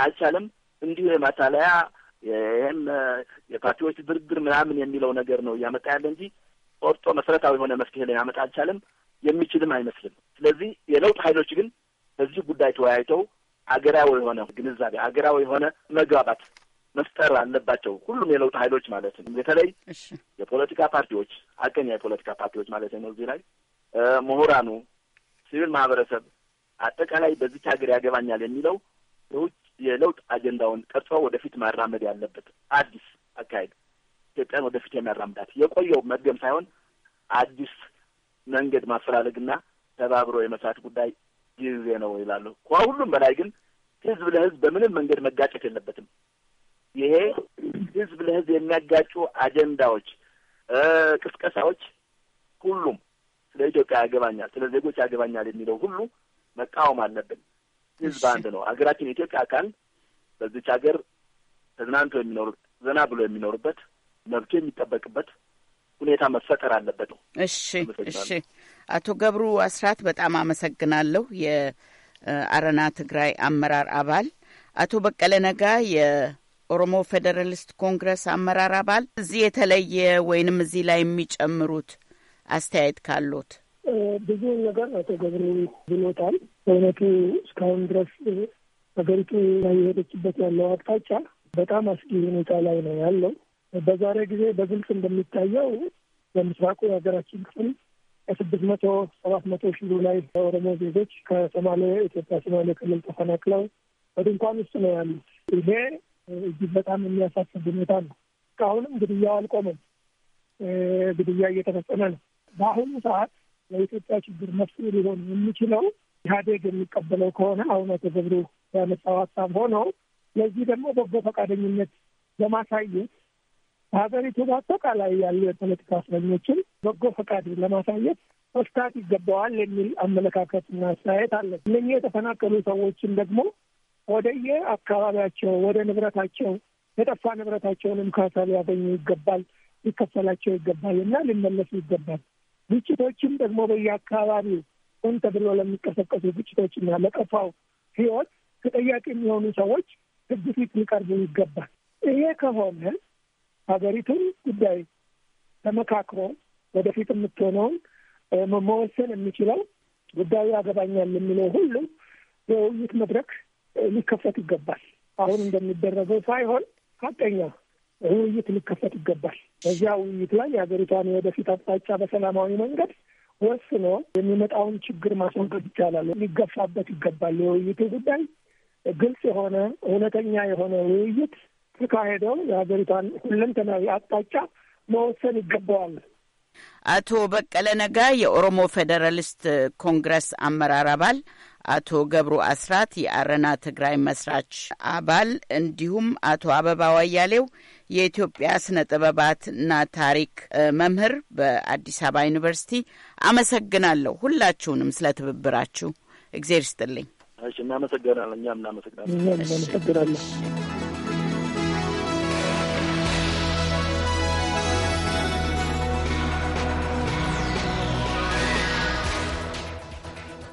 አልቻለም። እንዲሁ የማታለያ ይህም የፓርቲዎች ድርድር ምናምን የሚለው ነገር ነው እያመጣ ያለ እንጂ ቆርጦ መሰረታዊ የሆነ መፍትሄ ሊያመጣ አልቻለም፣ የሚችልም አይመስልም። ስለዚህ የለውጥ ኃይሎች ግን በዚህ ጉዳይ ተወያይተው አገራዊ የሆነ ግንዛቤ አገራዊ የሆነ መግባባት መፍጠር አለባቸው። ሁሉም የለውጥ ኃይሎች ማለት ነው። በተለይ የፖለቲካ ፓርቲዎች አቀኛ የፖለቲካ ፓርቲዎች ማለት ነው። እዚህ ላይ ምሁራኑ፣ ሲቪል ማህበረሰብ አጠቃላይ በዚች ሀገር ያገባኛል የሚለው ሰዎች የለውጥ አጀንዳውን ቀርጾ ወደፊት ማራመድ ያለበት አዲስ አካሄድ ኢትዮጵያን ወደፊት የሚያራምዳት የቆየው መድገም ሳይሆን አዲስ መንገድ ማፈላለግና ተባብሮ የመስራት ጉዳይ ጊዜ ነው ይላሉ። ከሁሉም በላይ ግን ህዝብ ለህዝብ በምንም መንገድ መጋጨት የለበትም። ይሄ ህዝብ ለህዝብ የሚያጋጩ አጀንዳዎች፣ ቅስቀሳዎች ሁሉም ስለ ኢትዮጵያ ያገባኛል፣ ስለ ዜጎች ያገባኛል የሚለው ሁሉ መቃወም አለብን። ህዝብ አንድ ነው። ሀገራችን የኢትዮጵያ አካል በዚች ሀገር ተዝናንቶ የሚኖሩ ዘና ብሎ የሚኖሩበት መብቶ የሚጠበቅበት ሁኔታ መፈጠር አለበት ነው። እሺ፣ እሺ። አቶ ገብሩ አስራት በጣም አመሰግናለሁ። የአረና ትግራይ አመራር አባል አቶ በቀለ ነጋ የኦሮሞ ፌዴራሊስት ኮንግረስ አመራር አባል፣ እዚህ የተለየ ወይንም እዚህ ላይ የሚጨምሩት አስተያየት ካሎት ብዙ ነገር አቶ ገብሩ ብሎታል። በእውነቱ እስካሁን ድረስ ሀገሪቱ ላይ የሄደችበት ያለው አቅጣጫ በጣም አስጊ ሁኔታ ላይ ነው ያለው። በዛሬ ጊዜ በግልጽ እንደሚታየው በምስራቁ የሀገራችን ክፍል ከስድስት መቶ ሰባት መቶ ሺህ ላይ ኦሮሞ ዜጎች ከሶማሌ ኢትዮጵያ ሶማሌ ክልል ተፈናቅለው በድንኳን ውስጥ ነው ያሉት። ይሄ እጅግ በጣም የሚያሳስብ ሁኔታ ነው። እስካሁንም ግድያው አልቆመም። ግድያ እየተፈጸመ ነው። በአሁኑ ሰዓት ለኢትዮጵያ ችግር መፍትሄ ሊሆን የሚችለው ኢህአዴግ የሚቀበለው ከሆነ አሁነ ገብሩ ያነሳው ሀሳብ ሆነው ለዚህ ደግሞ በጎ ፈቃደኝነት ለማሳየት በሀገሪቱ በአጠቃላይ ያሉ የፖለቲካ እስረኞችን በጎ ፈቃድ ለማሳየት መፍታት ይገባዋል የሚል አመለካከትና አስተያየት አለ። እነኚህ የተፈናቀሉ ሰዎችን ደግሞ ወደየ አካባቢያቸው ወደ ንብረታቸው የጠፋ ንብረታቸውንም ካሳ ሊያገኙ ይገባል፣ ሊከፈላቸው ይገባል እና ሊመለሱ ይገባል። ግጭቶችም ደግሞ በየአካባቢው ሆን ተብሎ ለሚቀሰቀሱ ግጭቶችና ለጠፋው ህይወት ተጠያቂ የሚሆኑ ሰዎች ህግ ፊት ሊቀርቡ ይገባል። ይሄ ከሆነ ሀገሪቱን ጉዳይ ተመካክሮ ወደፊት የምትሆነውን መወሰን የሚችለው ጉዳዩ ያገባኛል የሚለው ሁሉ የውይይት መድረክ ሊከፈት ይገባል። አሁን እንደሚደረገው ሳይሆን ሀቀኛ ውይይት ሊከፈት ይገባል። በዚያ ውይይት ላይ የሀገሪቷን የወደፊት አቅጣጫ በሰላማዊ መንገድ ወስኖ የሚመጣውን ችግር ማስወገድ ይቻላል። ሊገፋበት ይገባል። የውይይቱ ጉዳይ ግልጽ የሆነ እውነተኛ የሆነ ውይይት ተካሄደው የሀገሪቷን ሁለንተናዊ አቅጣጫ መወሰን ይገባዋል። አቶ በቀለ ነጋ የኦሮሞ ፌዴራሊስት ኮንግረስ አመራር አባል፣ አቶ ገብሩ አስራት የአረና ትግራይ መስራች አባል እንዲሁም አቶ አበባ ዋያሌው የኢትዮጵያ ስነ ጥበባትና ታሪክ መምህር በአዲስ አበባ ዩኒቨርሲቲ። አመሰግናለሁ ሁላችሁንም ስለ ትብብራችሁ። እግዜር ይስጥልኝ። እሺ፣ እናመሰግናለን። እኛም እናመሰግናለን።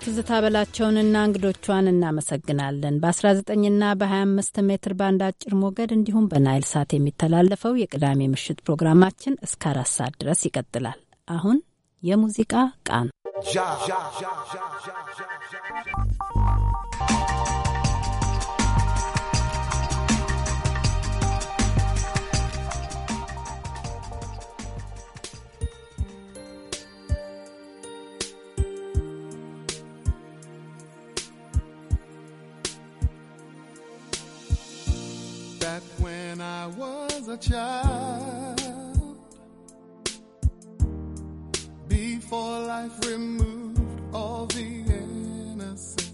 ትዝታ በላቸውንና እንግዶቿን እናመሰግናለን። በ19ና በ25 ሜትር ባንድ አጭር ሞገድ እንዲሁም በናይል ሳት የሚተላለፈው የቅዳሜ ምሽት ፕሮግራማችን እስከ አራት ሰዓት ድረስ ይቀጥላል። አሁን የሙዚቃ ቃን when I was a child. Before life removed all the innocence,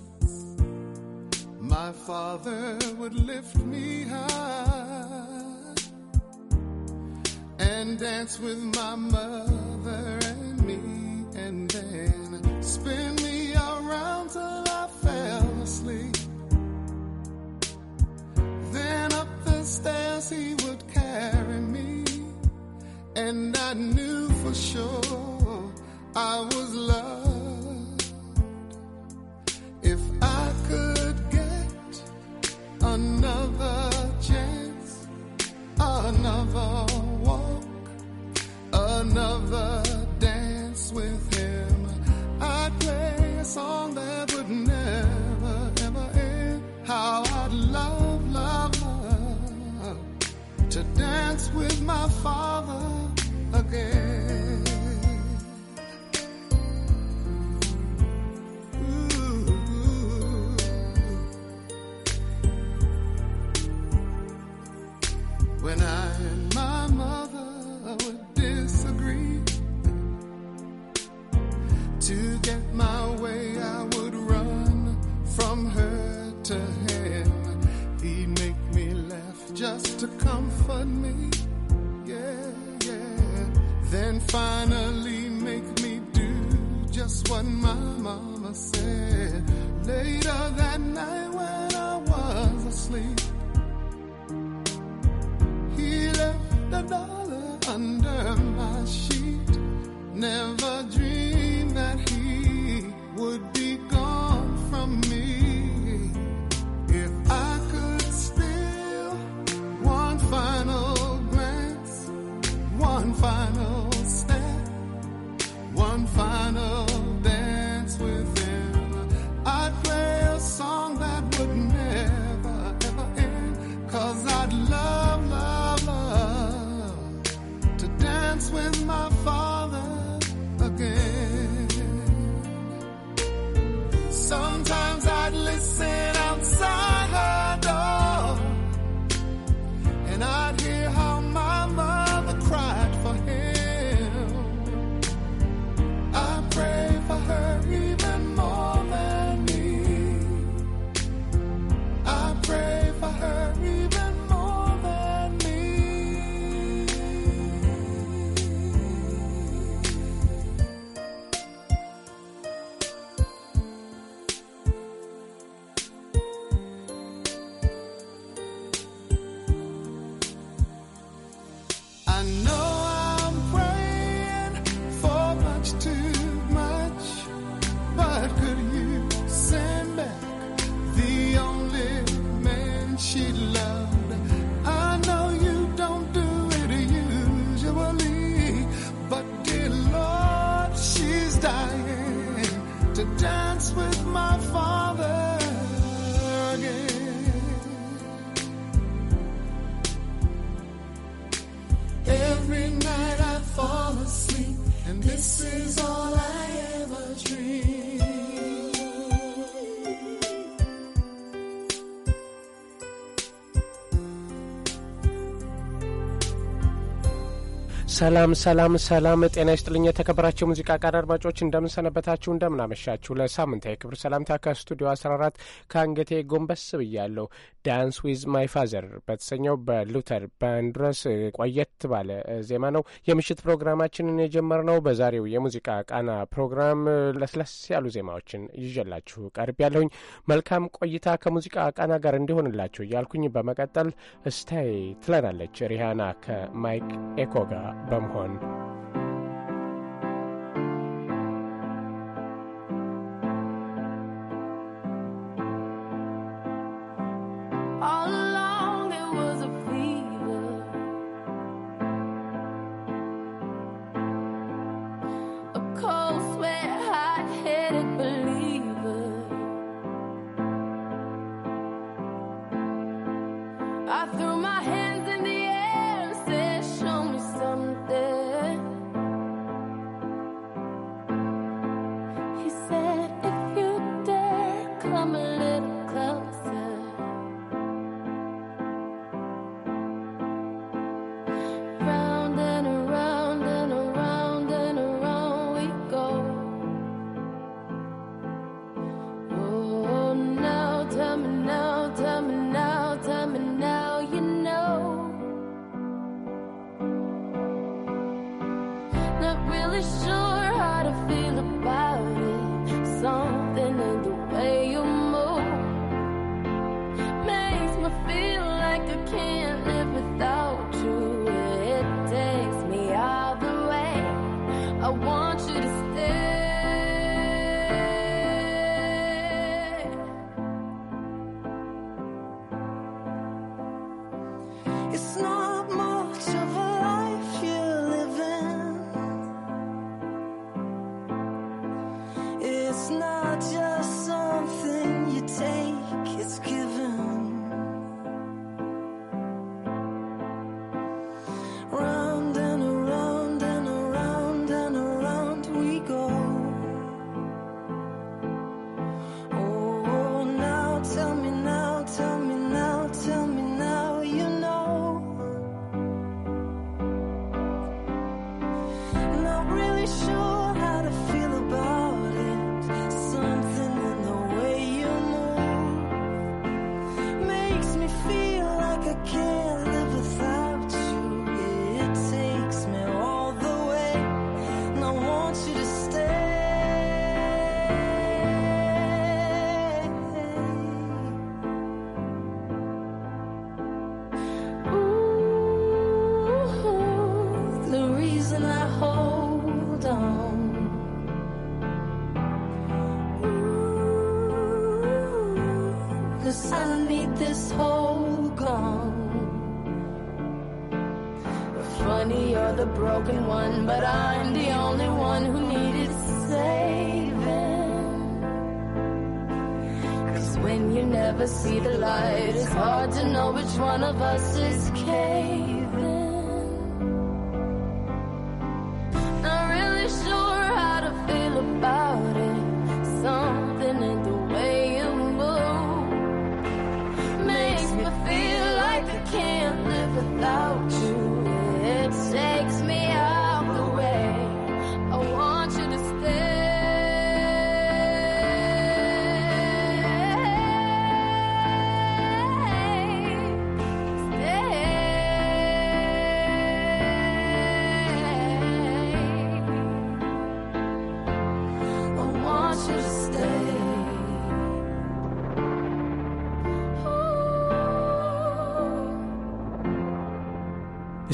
my father would lift me high and dance with my mother and me, and then spin me around till I fell asleep as he would carry me. And I knew for sure I was loved. ሰላም ሰላም ሰላም፣ ጤና ይስጥልኝ የተከበራቸው ሙዚቃ ቃድ አድማጮች፣ እንደምንሰነበታችሁ፣ እንደምናመሻችሁ። ለሳምንታዊ የክብር ሰላምታ ከስቱዲዮ 14 ከአንገቴ ጎንበስ ብያለሁ። ዳንስ ዊዝ ማይ ፋዘር በተሰኘው በሉተር በንድረስ ቆየት ባለ ዜማ ነው የምሽት ፕሮግራማችንን የጀመርነው። በዛሬው የሙዚቃ ቃና ፕሮግራም ለስለስ ያሉ ዜማዎችን ይዤላችሁ ቀርብ ያለሁኝ። መልካም ቆይታ ከሙዚቃ ቃና ጋር እንዲሆንላችሁ እያልኩኝ በመቀጠል እስታይ ትለናለች ሪሃና ከማይክ ኤኮ ጋር 黄昏。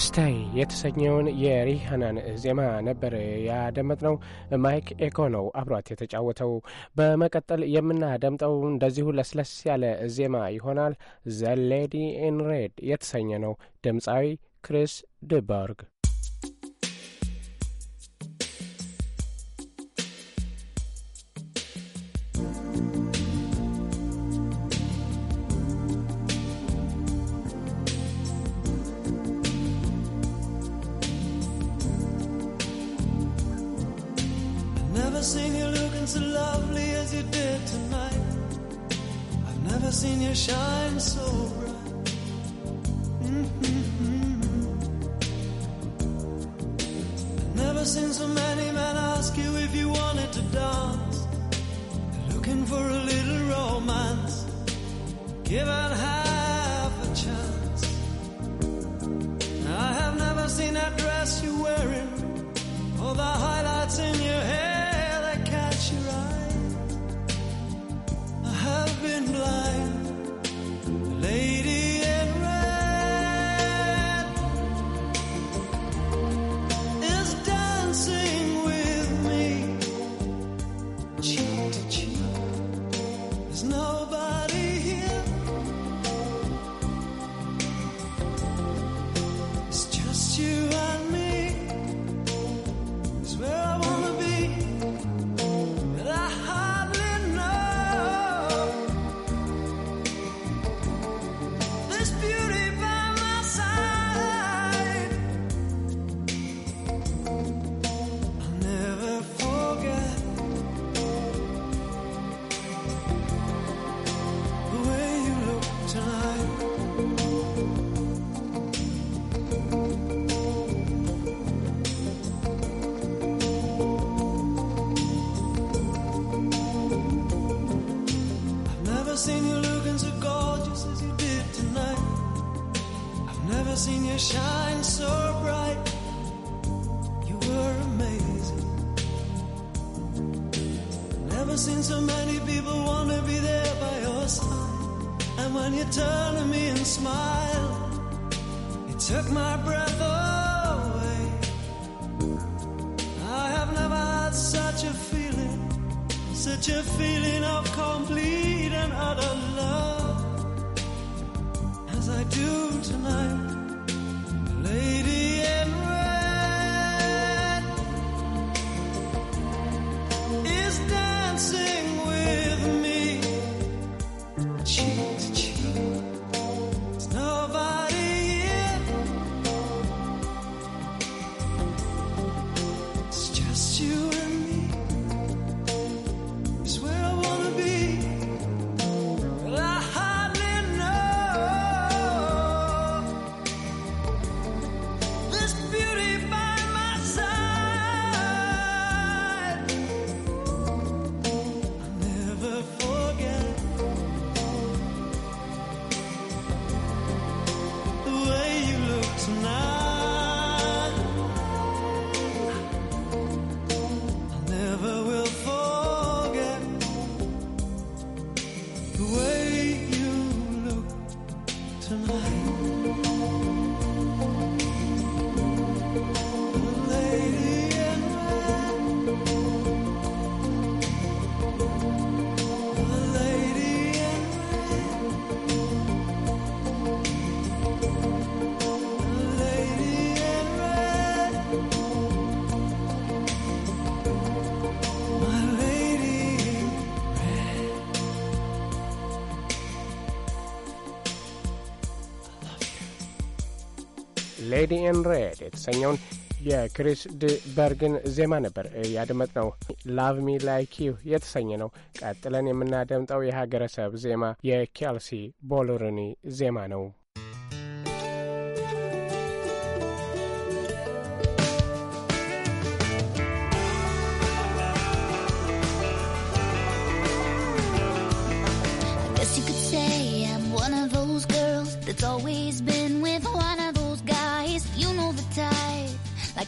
ስታይ የተሰኘውን የሪሃናን ዜማ ነበር ያደመጥነው። ማይክ ኤኮ ነው አብሯት የተጫወተው። በመቀጠል የምናደምጠው እንደዚሁ ለስለስ ያለ ዜማ ይሆናል። ዘ ሌዲ ኢን ሬድ የተሰኘ ነው። ድምፃዊ ክሪስ ድበርግ shine so tonight. ኤዲኤን ሬድ የተሰኘውን የክሪስ በርግን ዜማ ነበር ያደመጥ ነው። ላቭ ሚ ላይክ ዩ የተሰኘ ነው። ቀጥለን የምናደምጠው የሀገረሰብ ዜማ የኬልሲ ቦሎርኒ ዜማ ነው።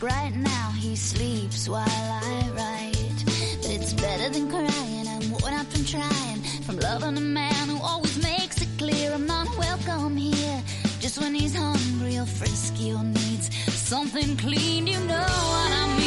Right now he sleeps while I write. But it's better than crying. I'm worn out from trying. From loving a man who always makes it clear I'm not welcome here. Just when he's hungry or frisky or needs something clean, you know what I mean.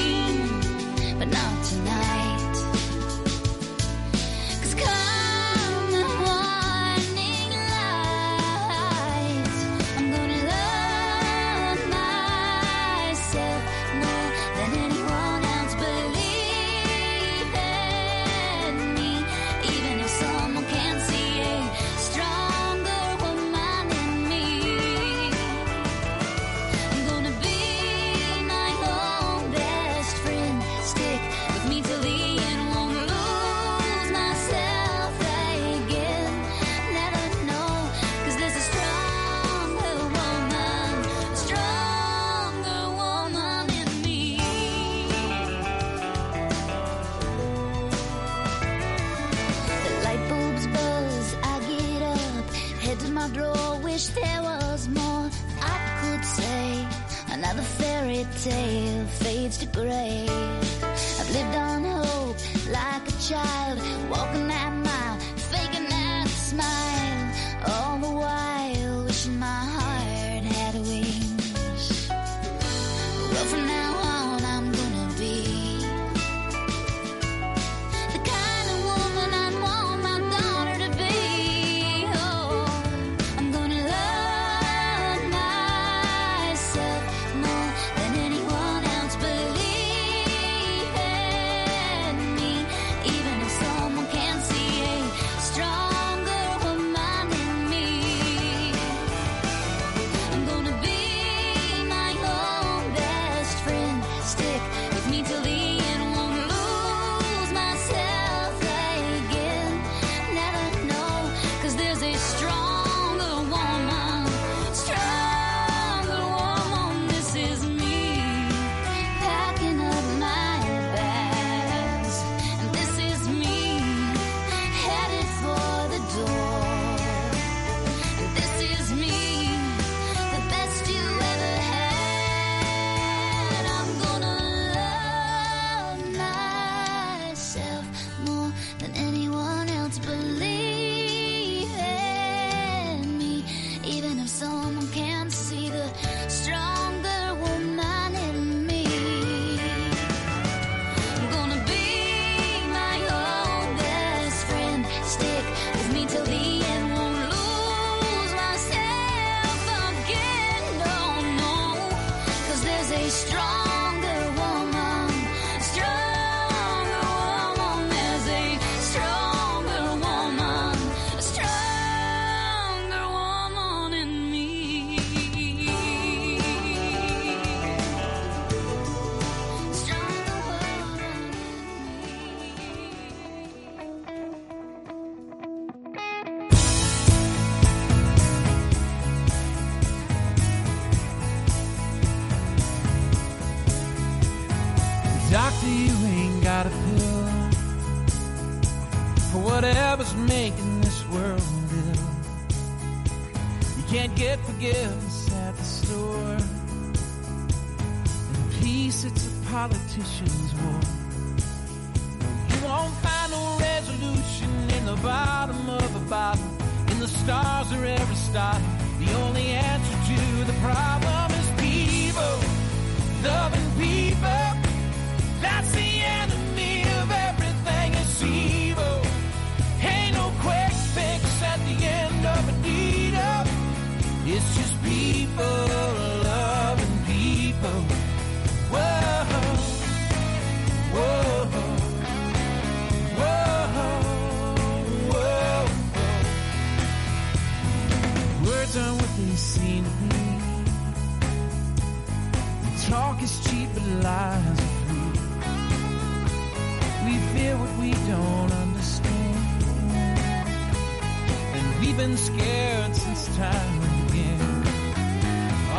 scared since time began.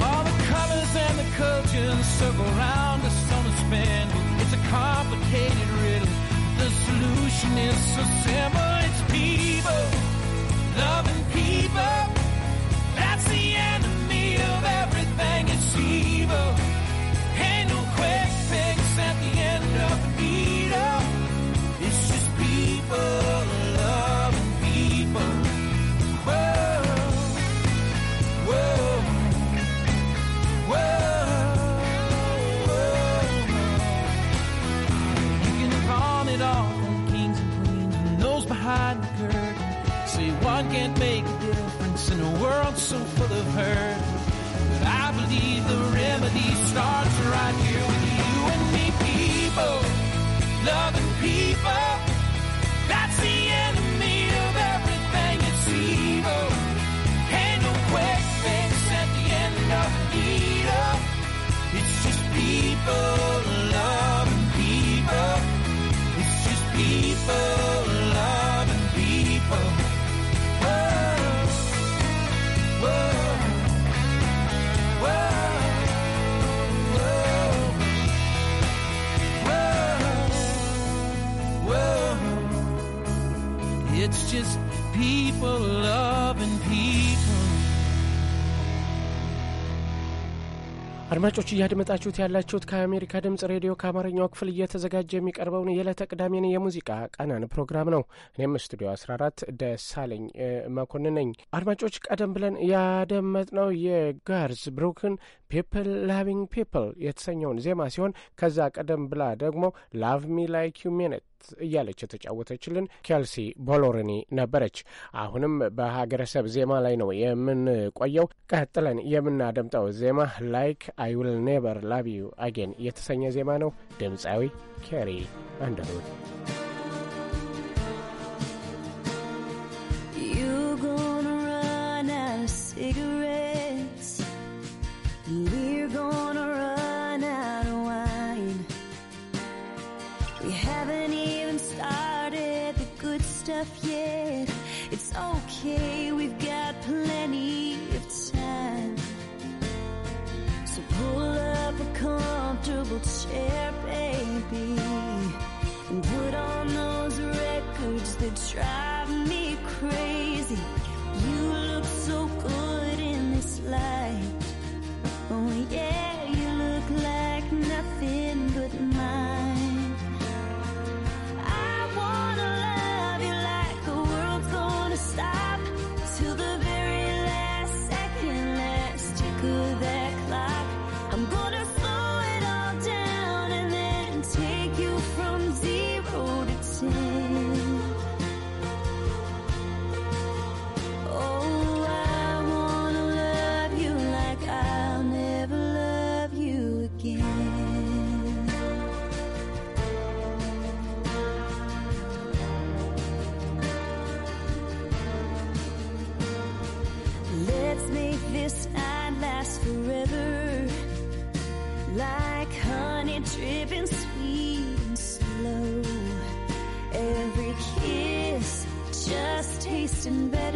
All the colors and the cultures circle round us on a spin. It's a complicated riddle. The solution is so simple. world so full of her. people loving people አድማጮች እያደመጣችሁት ያላችሁት ከአሜሪካ ድምጽ ሬዲዮ ከአማርኛው ክፍል እየተዘጋጀ የሚቀርበውን የዕለተ ቅዳሜን የሙዚቃ ቀናን ፕሮግራም ነው። እኔም ስቱዲዮ 14 ደሳለኝ መኮንን ነኝ። አድማጮች ቀደም ብለን ያደመጥነው የጋርዝ ብሩክን ፒፕል ላቪንግ ፒፕል የተሰኘውን ዜማ ሲሆን ከዛ ቀደም ብላ ደግሞ ላቭ ሚ ላይክ ዩ ሚኒት እያለች የተጫወተችልን ኬልሲ ቦሎርኒ ነበረች። አሁንም በሀገረሰብ ዜማ ላይ ነው የምንቆየው። ቀጥለን የምናደምጠው ዜማ ላይክ አይ ኔቨር ላቭ ዩ አጌን የተሰኘ ዜማ ነው። ድምፃዊ ኬሪ አንደርውድ cigarettes and we're gonna run stuff yet. It's okay, we've got plenty of time. So pull up a comfortable chair, baby, and put on those records that drive me crazy. You look so good in this light. in bed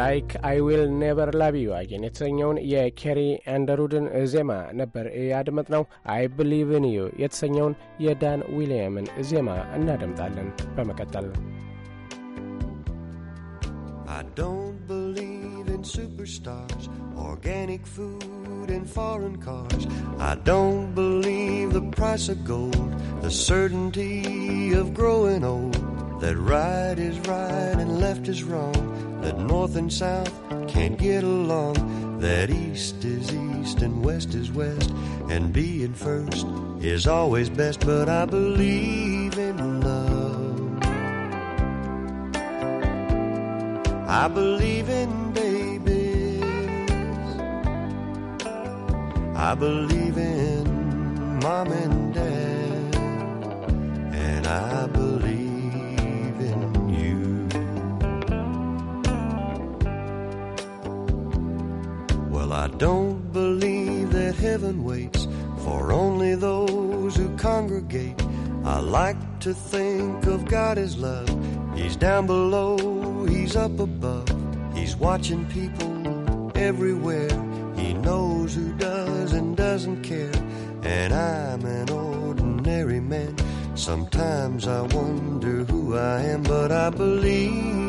ላይክ አይ ዊል ኔቨር ላቭ ዩ አጌን የተሰኘውን የኬሪ አንደርውድን ዜማ ነበር ያድመጥነው። አይ ብሊቭ ኢን ዩ የተሰኘውን የዳን ዊሊያምን ዜማ እናደምጣለን በመቀጠል I don't believe in superstars, organic food and foreign cars. I don't believe the price of gold, the certainty of growing old. That right is right and left is wrong that north and south can't get along, that east is east and west is west, and being first is always best, but I believe in love. I believe in babies. I believe in mom and dad. Don't believe that heaven waits for only those who congregate. I like to think of God as love. He's down below, He's up above. He's watching people everywhere. He knows who does and doesn't care. And I'm an ordinary man. Sometimes I wonder who I am, but I believe.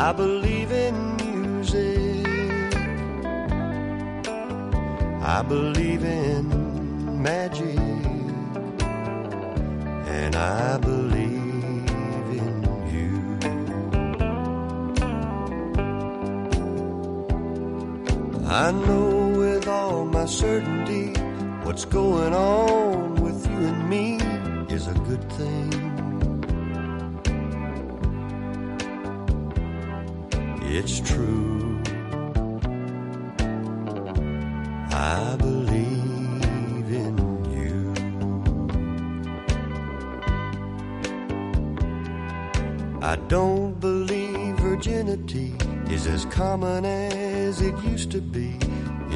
I believe in music. I believe in magic. And I believe in you. I know with all my certainty what's going on with you and me is a good thing. it's true. I believe in you. I don't believe virginity is as common as it used to be.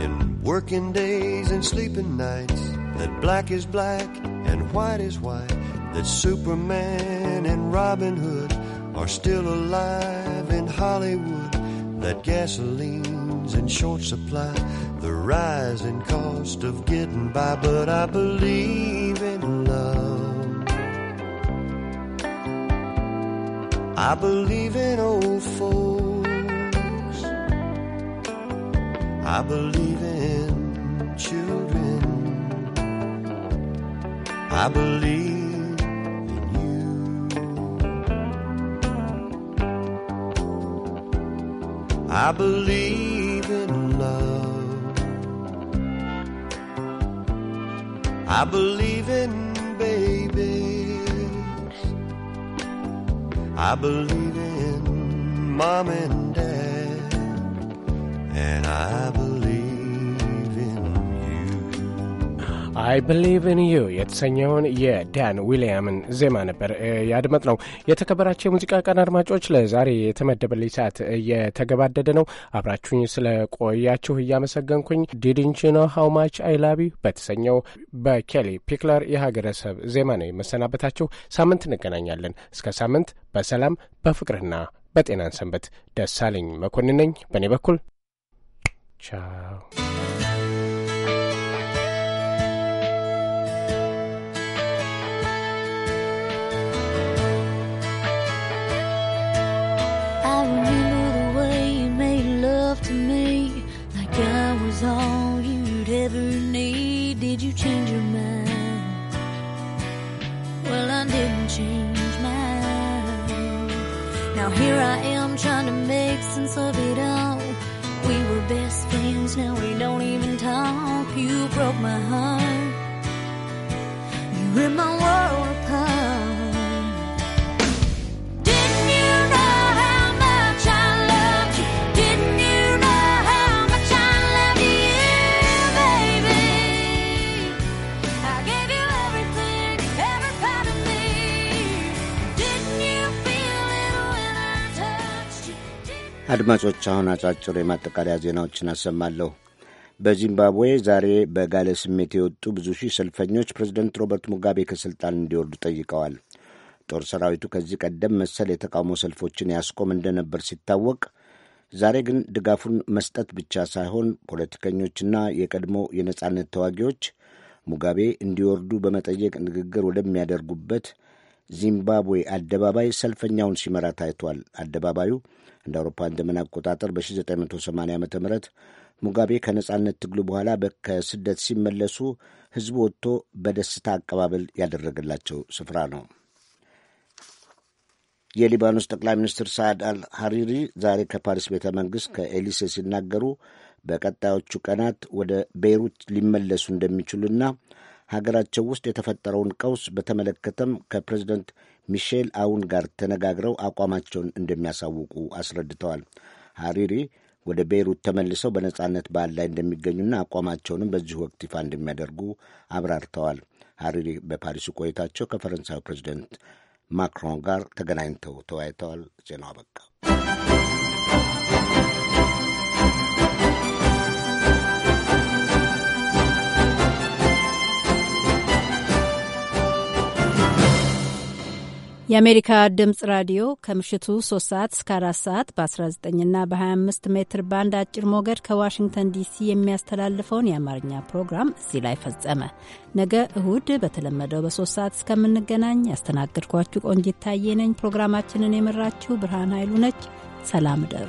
In working days and sleeping nights, that black is black and white is white, that Superman and Robin Hood are still alive in Hollywood that gasoline's in short supply, the rising cost of getting by, but I believe in love. I believe in old folks. I believe in children. I believe I believe in love. I believe in babies. I believe in mom and አይ ብሊቭ ኢን ዩ የተሰኘውን የዳን ዊሊያምን ዜማ ነበር ያድመጥ ነው። የተከበራቸው የሙዚቃ ቀን አድማጮች፣ ለዛሬ የተመደበልኝ ሰዓት እየተገባደደ ነው። አብራችሁኝ ስለ ቆያችሁ እያመሰገንኩኝ ዲድንቺኖ ሀው ማች አይ ላቭ ዩ በተሰኘው በኬሊ ፒክለር የሀገረሰብ ዜማ ነው የመሰናበታችሁ። ሳምንት እንገናኛለን። እስከ ሳምንት በሰላም በፍቅርና በጤናን ሰንበት። ደሳለኝ መኮንን ነኝ በእኔ በኩል ቻው። Now here I am trying to make sense of it all. We were best friends, now we don't even talk. You broke my heart. You ripped my world apart. አድማጮች፣ አሁን አጫጭር የማጠቃለያ ዜናዎችን አሰማለሁ። በዚምባብዌ ዛሬ በጋለ ስሜት የወጡ ብዙ ሺህ ሰልፈኞች ፕሬዚደንት ሮበርት ሙጋቤ ከስልጣን እንዲወርዱ ጠይቀዋል። ጦር ሰራዊቱ ከዚህ ቀደም መሰል የተቃውሞ ሰልፎችን ያስቆም እንደነበር ሲታወቅ፣ ዛሬ ግን ድጋፉን መስጠት ብቻ ሳይሆን ፖለቲከኞችና የቀድሞ የነጻነት ተዋጊዎች ሙጋቤ እንዲወርዱ በመጠየቅ ንግግር ወደሚያደርጉበት ዚምባብዌ አደባባይ ሰልፈኛውን ሲመራ ታይቷል። አደባባዩ እንደ አውሮፓውያን ዘመን አቆጣጠር በ1980 ዓ ም ሙጋቤ ከነጻነት ትግሉ በኋላ ከስደት ሲመለሱ ህዝቡ ወጥቶ በደስታ አቀባበል ያደረገላቸው ስፍራ ነው። የሊባኖስ ጠቅላይ ሚኒስትር ሳዕድ አልሐሪሪ ዛሬ ከፓሪስ ቤተ መንግሥት ከኤሊሴ ሲናገሩ በቀጣዮቹ ቀናት ወደ ቤይሩት ሊመለሱ እንደሚችሉና ሀገራቸው ውስጥ የተፈጠረውን ቀውስ በተመለከተም ከፕሬዚደንት ሚሼል አውን ጋር ተነጋግረው አቋማቸውን እንደሚያሳውቁ አስረድተዋል። ሀሪሪ ወደ ቤይሩት ተመልሰው በነጻነት በዓል ላይ እንደሚገኙና አቋማቸውንም በዚህ ወቅት ይፋ እንደሚያደርጉ አብራርተዋል። ሀሪሪ በፓሪሱ ቆይታቸው ከፈረንሳዊ ፕሬዚደንት ማክሮን ጋር ተገናኝተው ተወያይተዋል። ዜናው አበቃ። የአሜሪካ ድምፅ ራዲዮ ከምሽቱ 3 ሰዓት እስከ 4 ሰዓት በ19ና በ25 ሜትር ባንድ አጭር ሞገድ ከዋሽንግተን ዲሲ የሚያስተላልፈውን የአማርኛ ፕሮግራም እዚህ ላይ ፈጸመ። ነገ እሁድ በተለመደው በሶስት ሰዓት እስከምንገናኝ ያስተናገድኳችሁ ቆንጂት ታዬ ነኝ። ፕሮግራማችንን የመራችሁ ብርሃን ኃይሉ ነች። ሰላም ደሩ።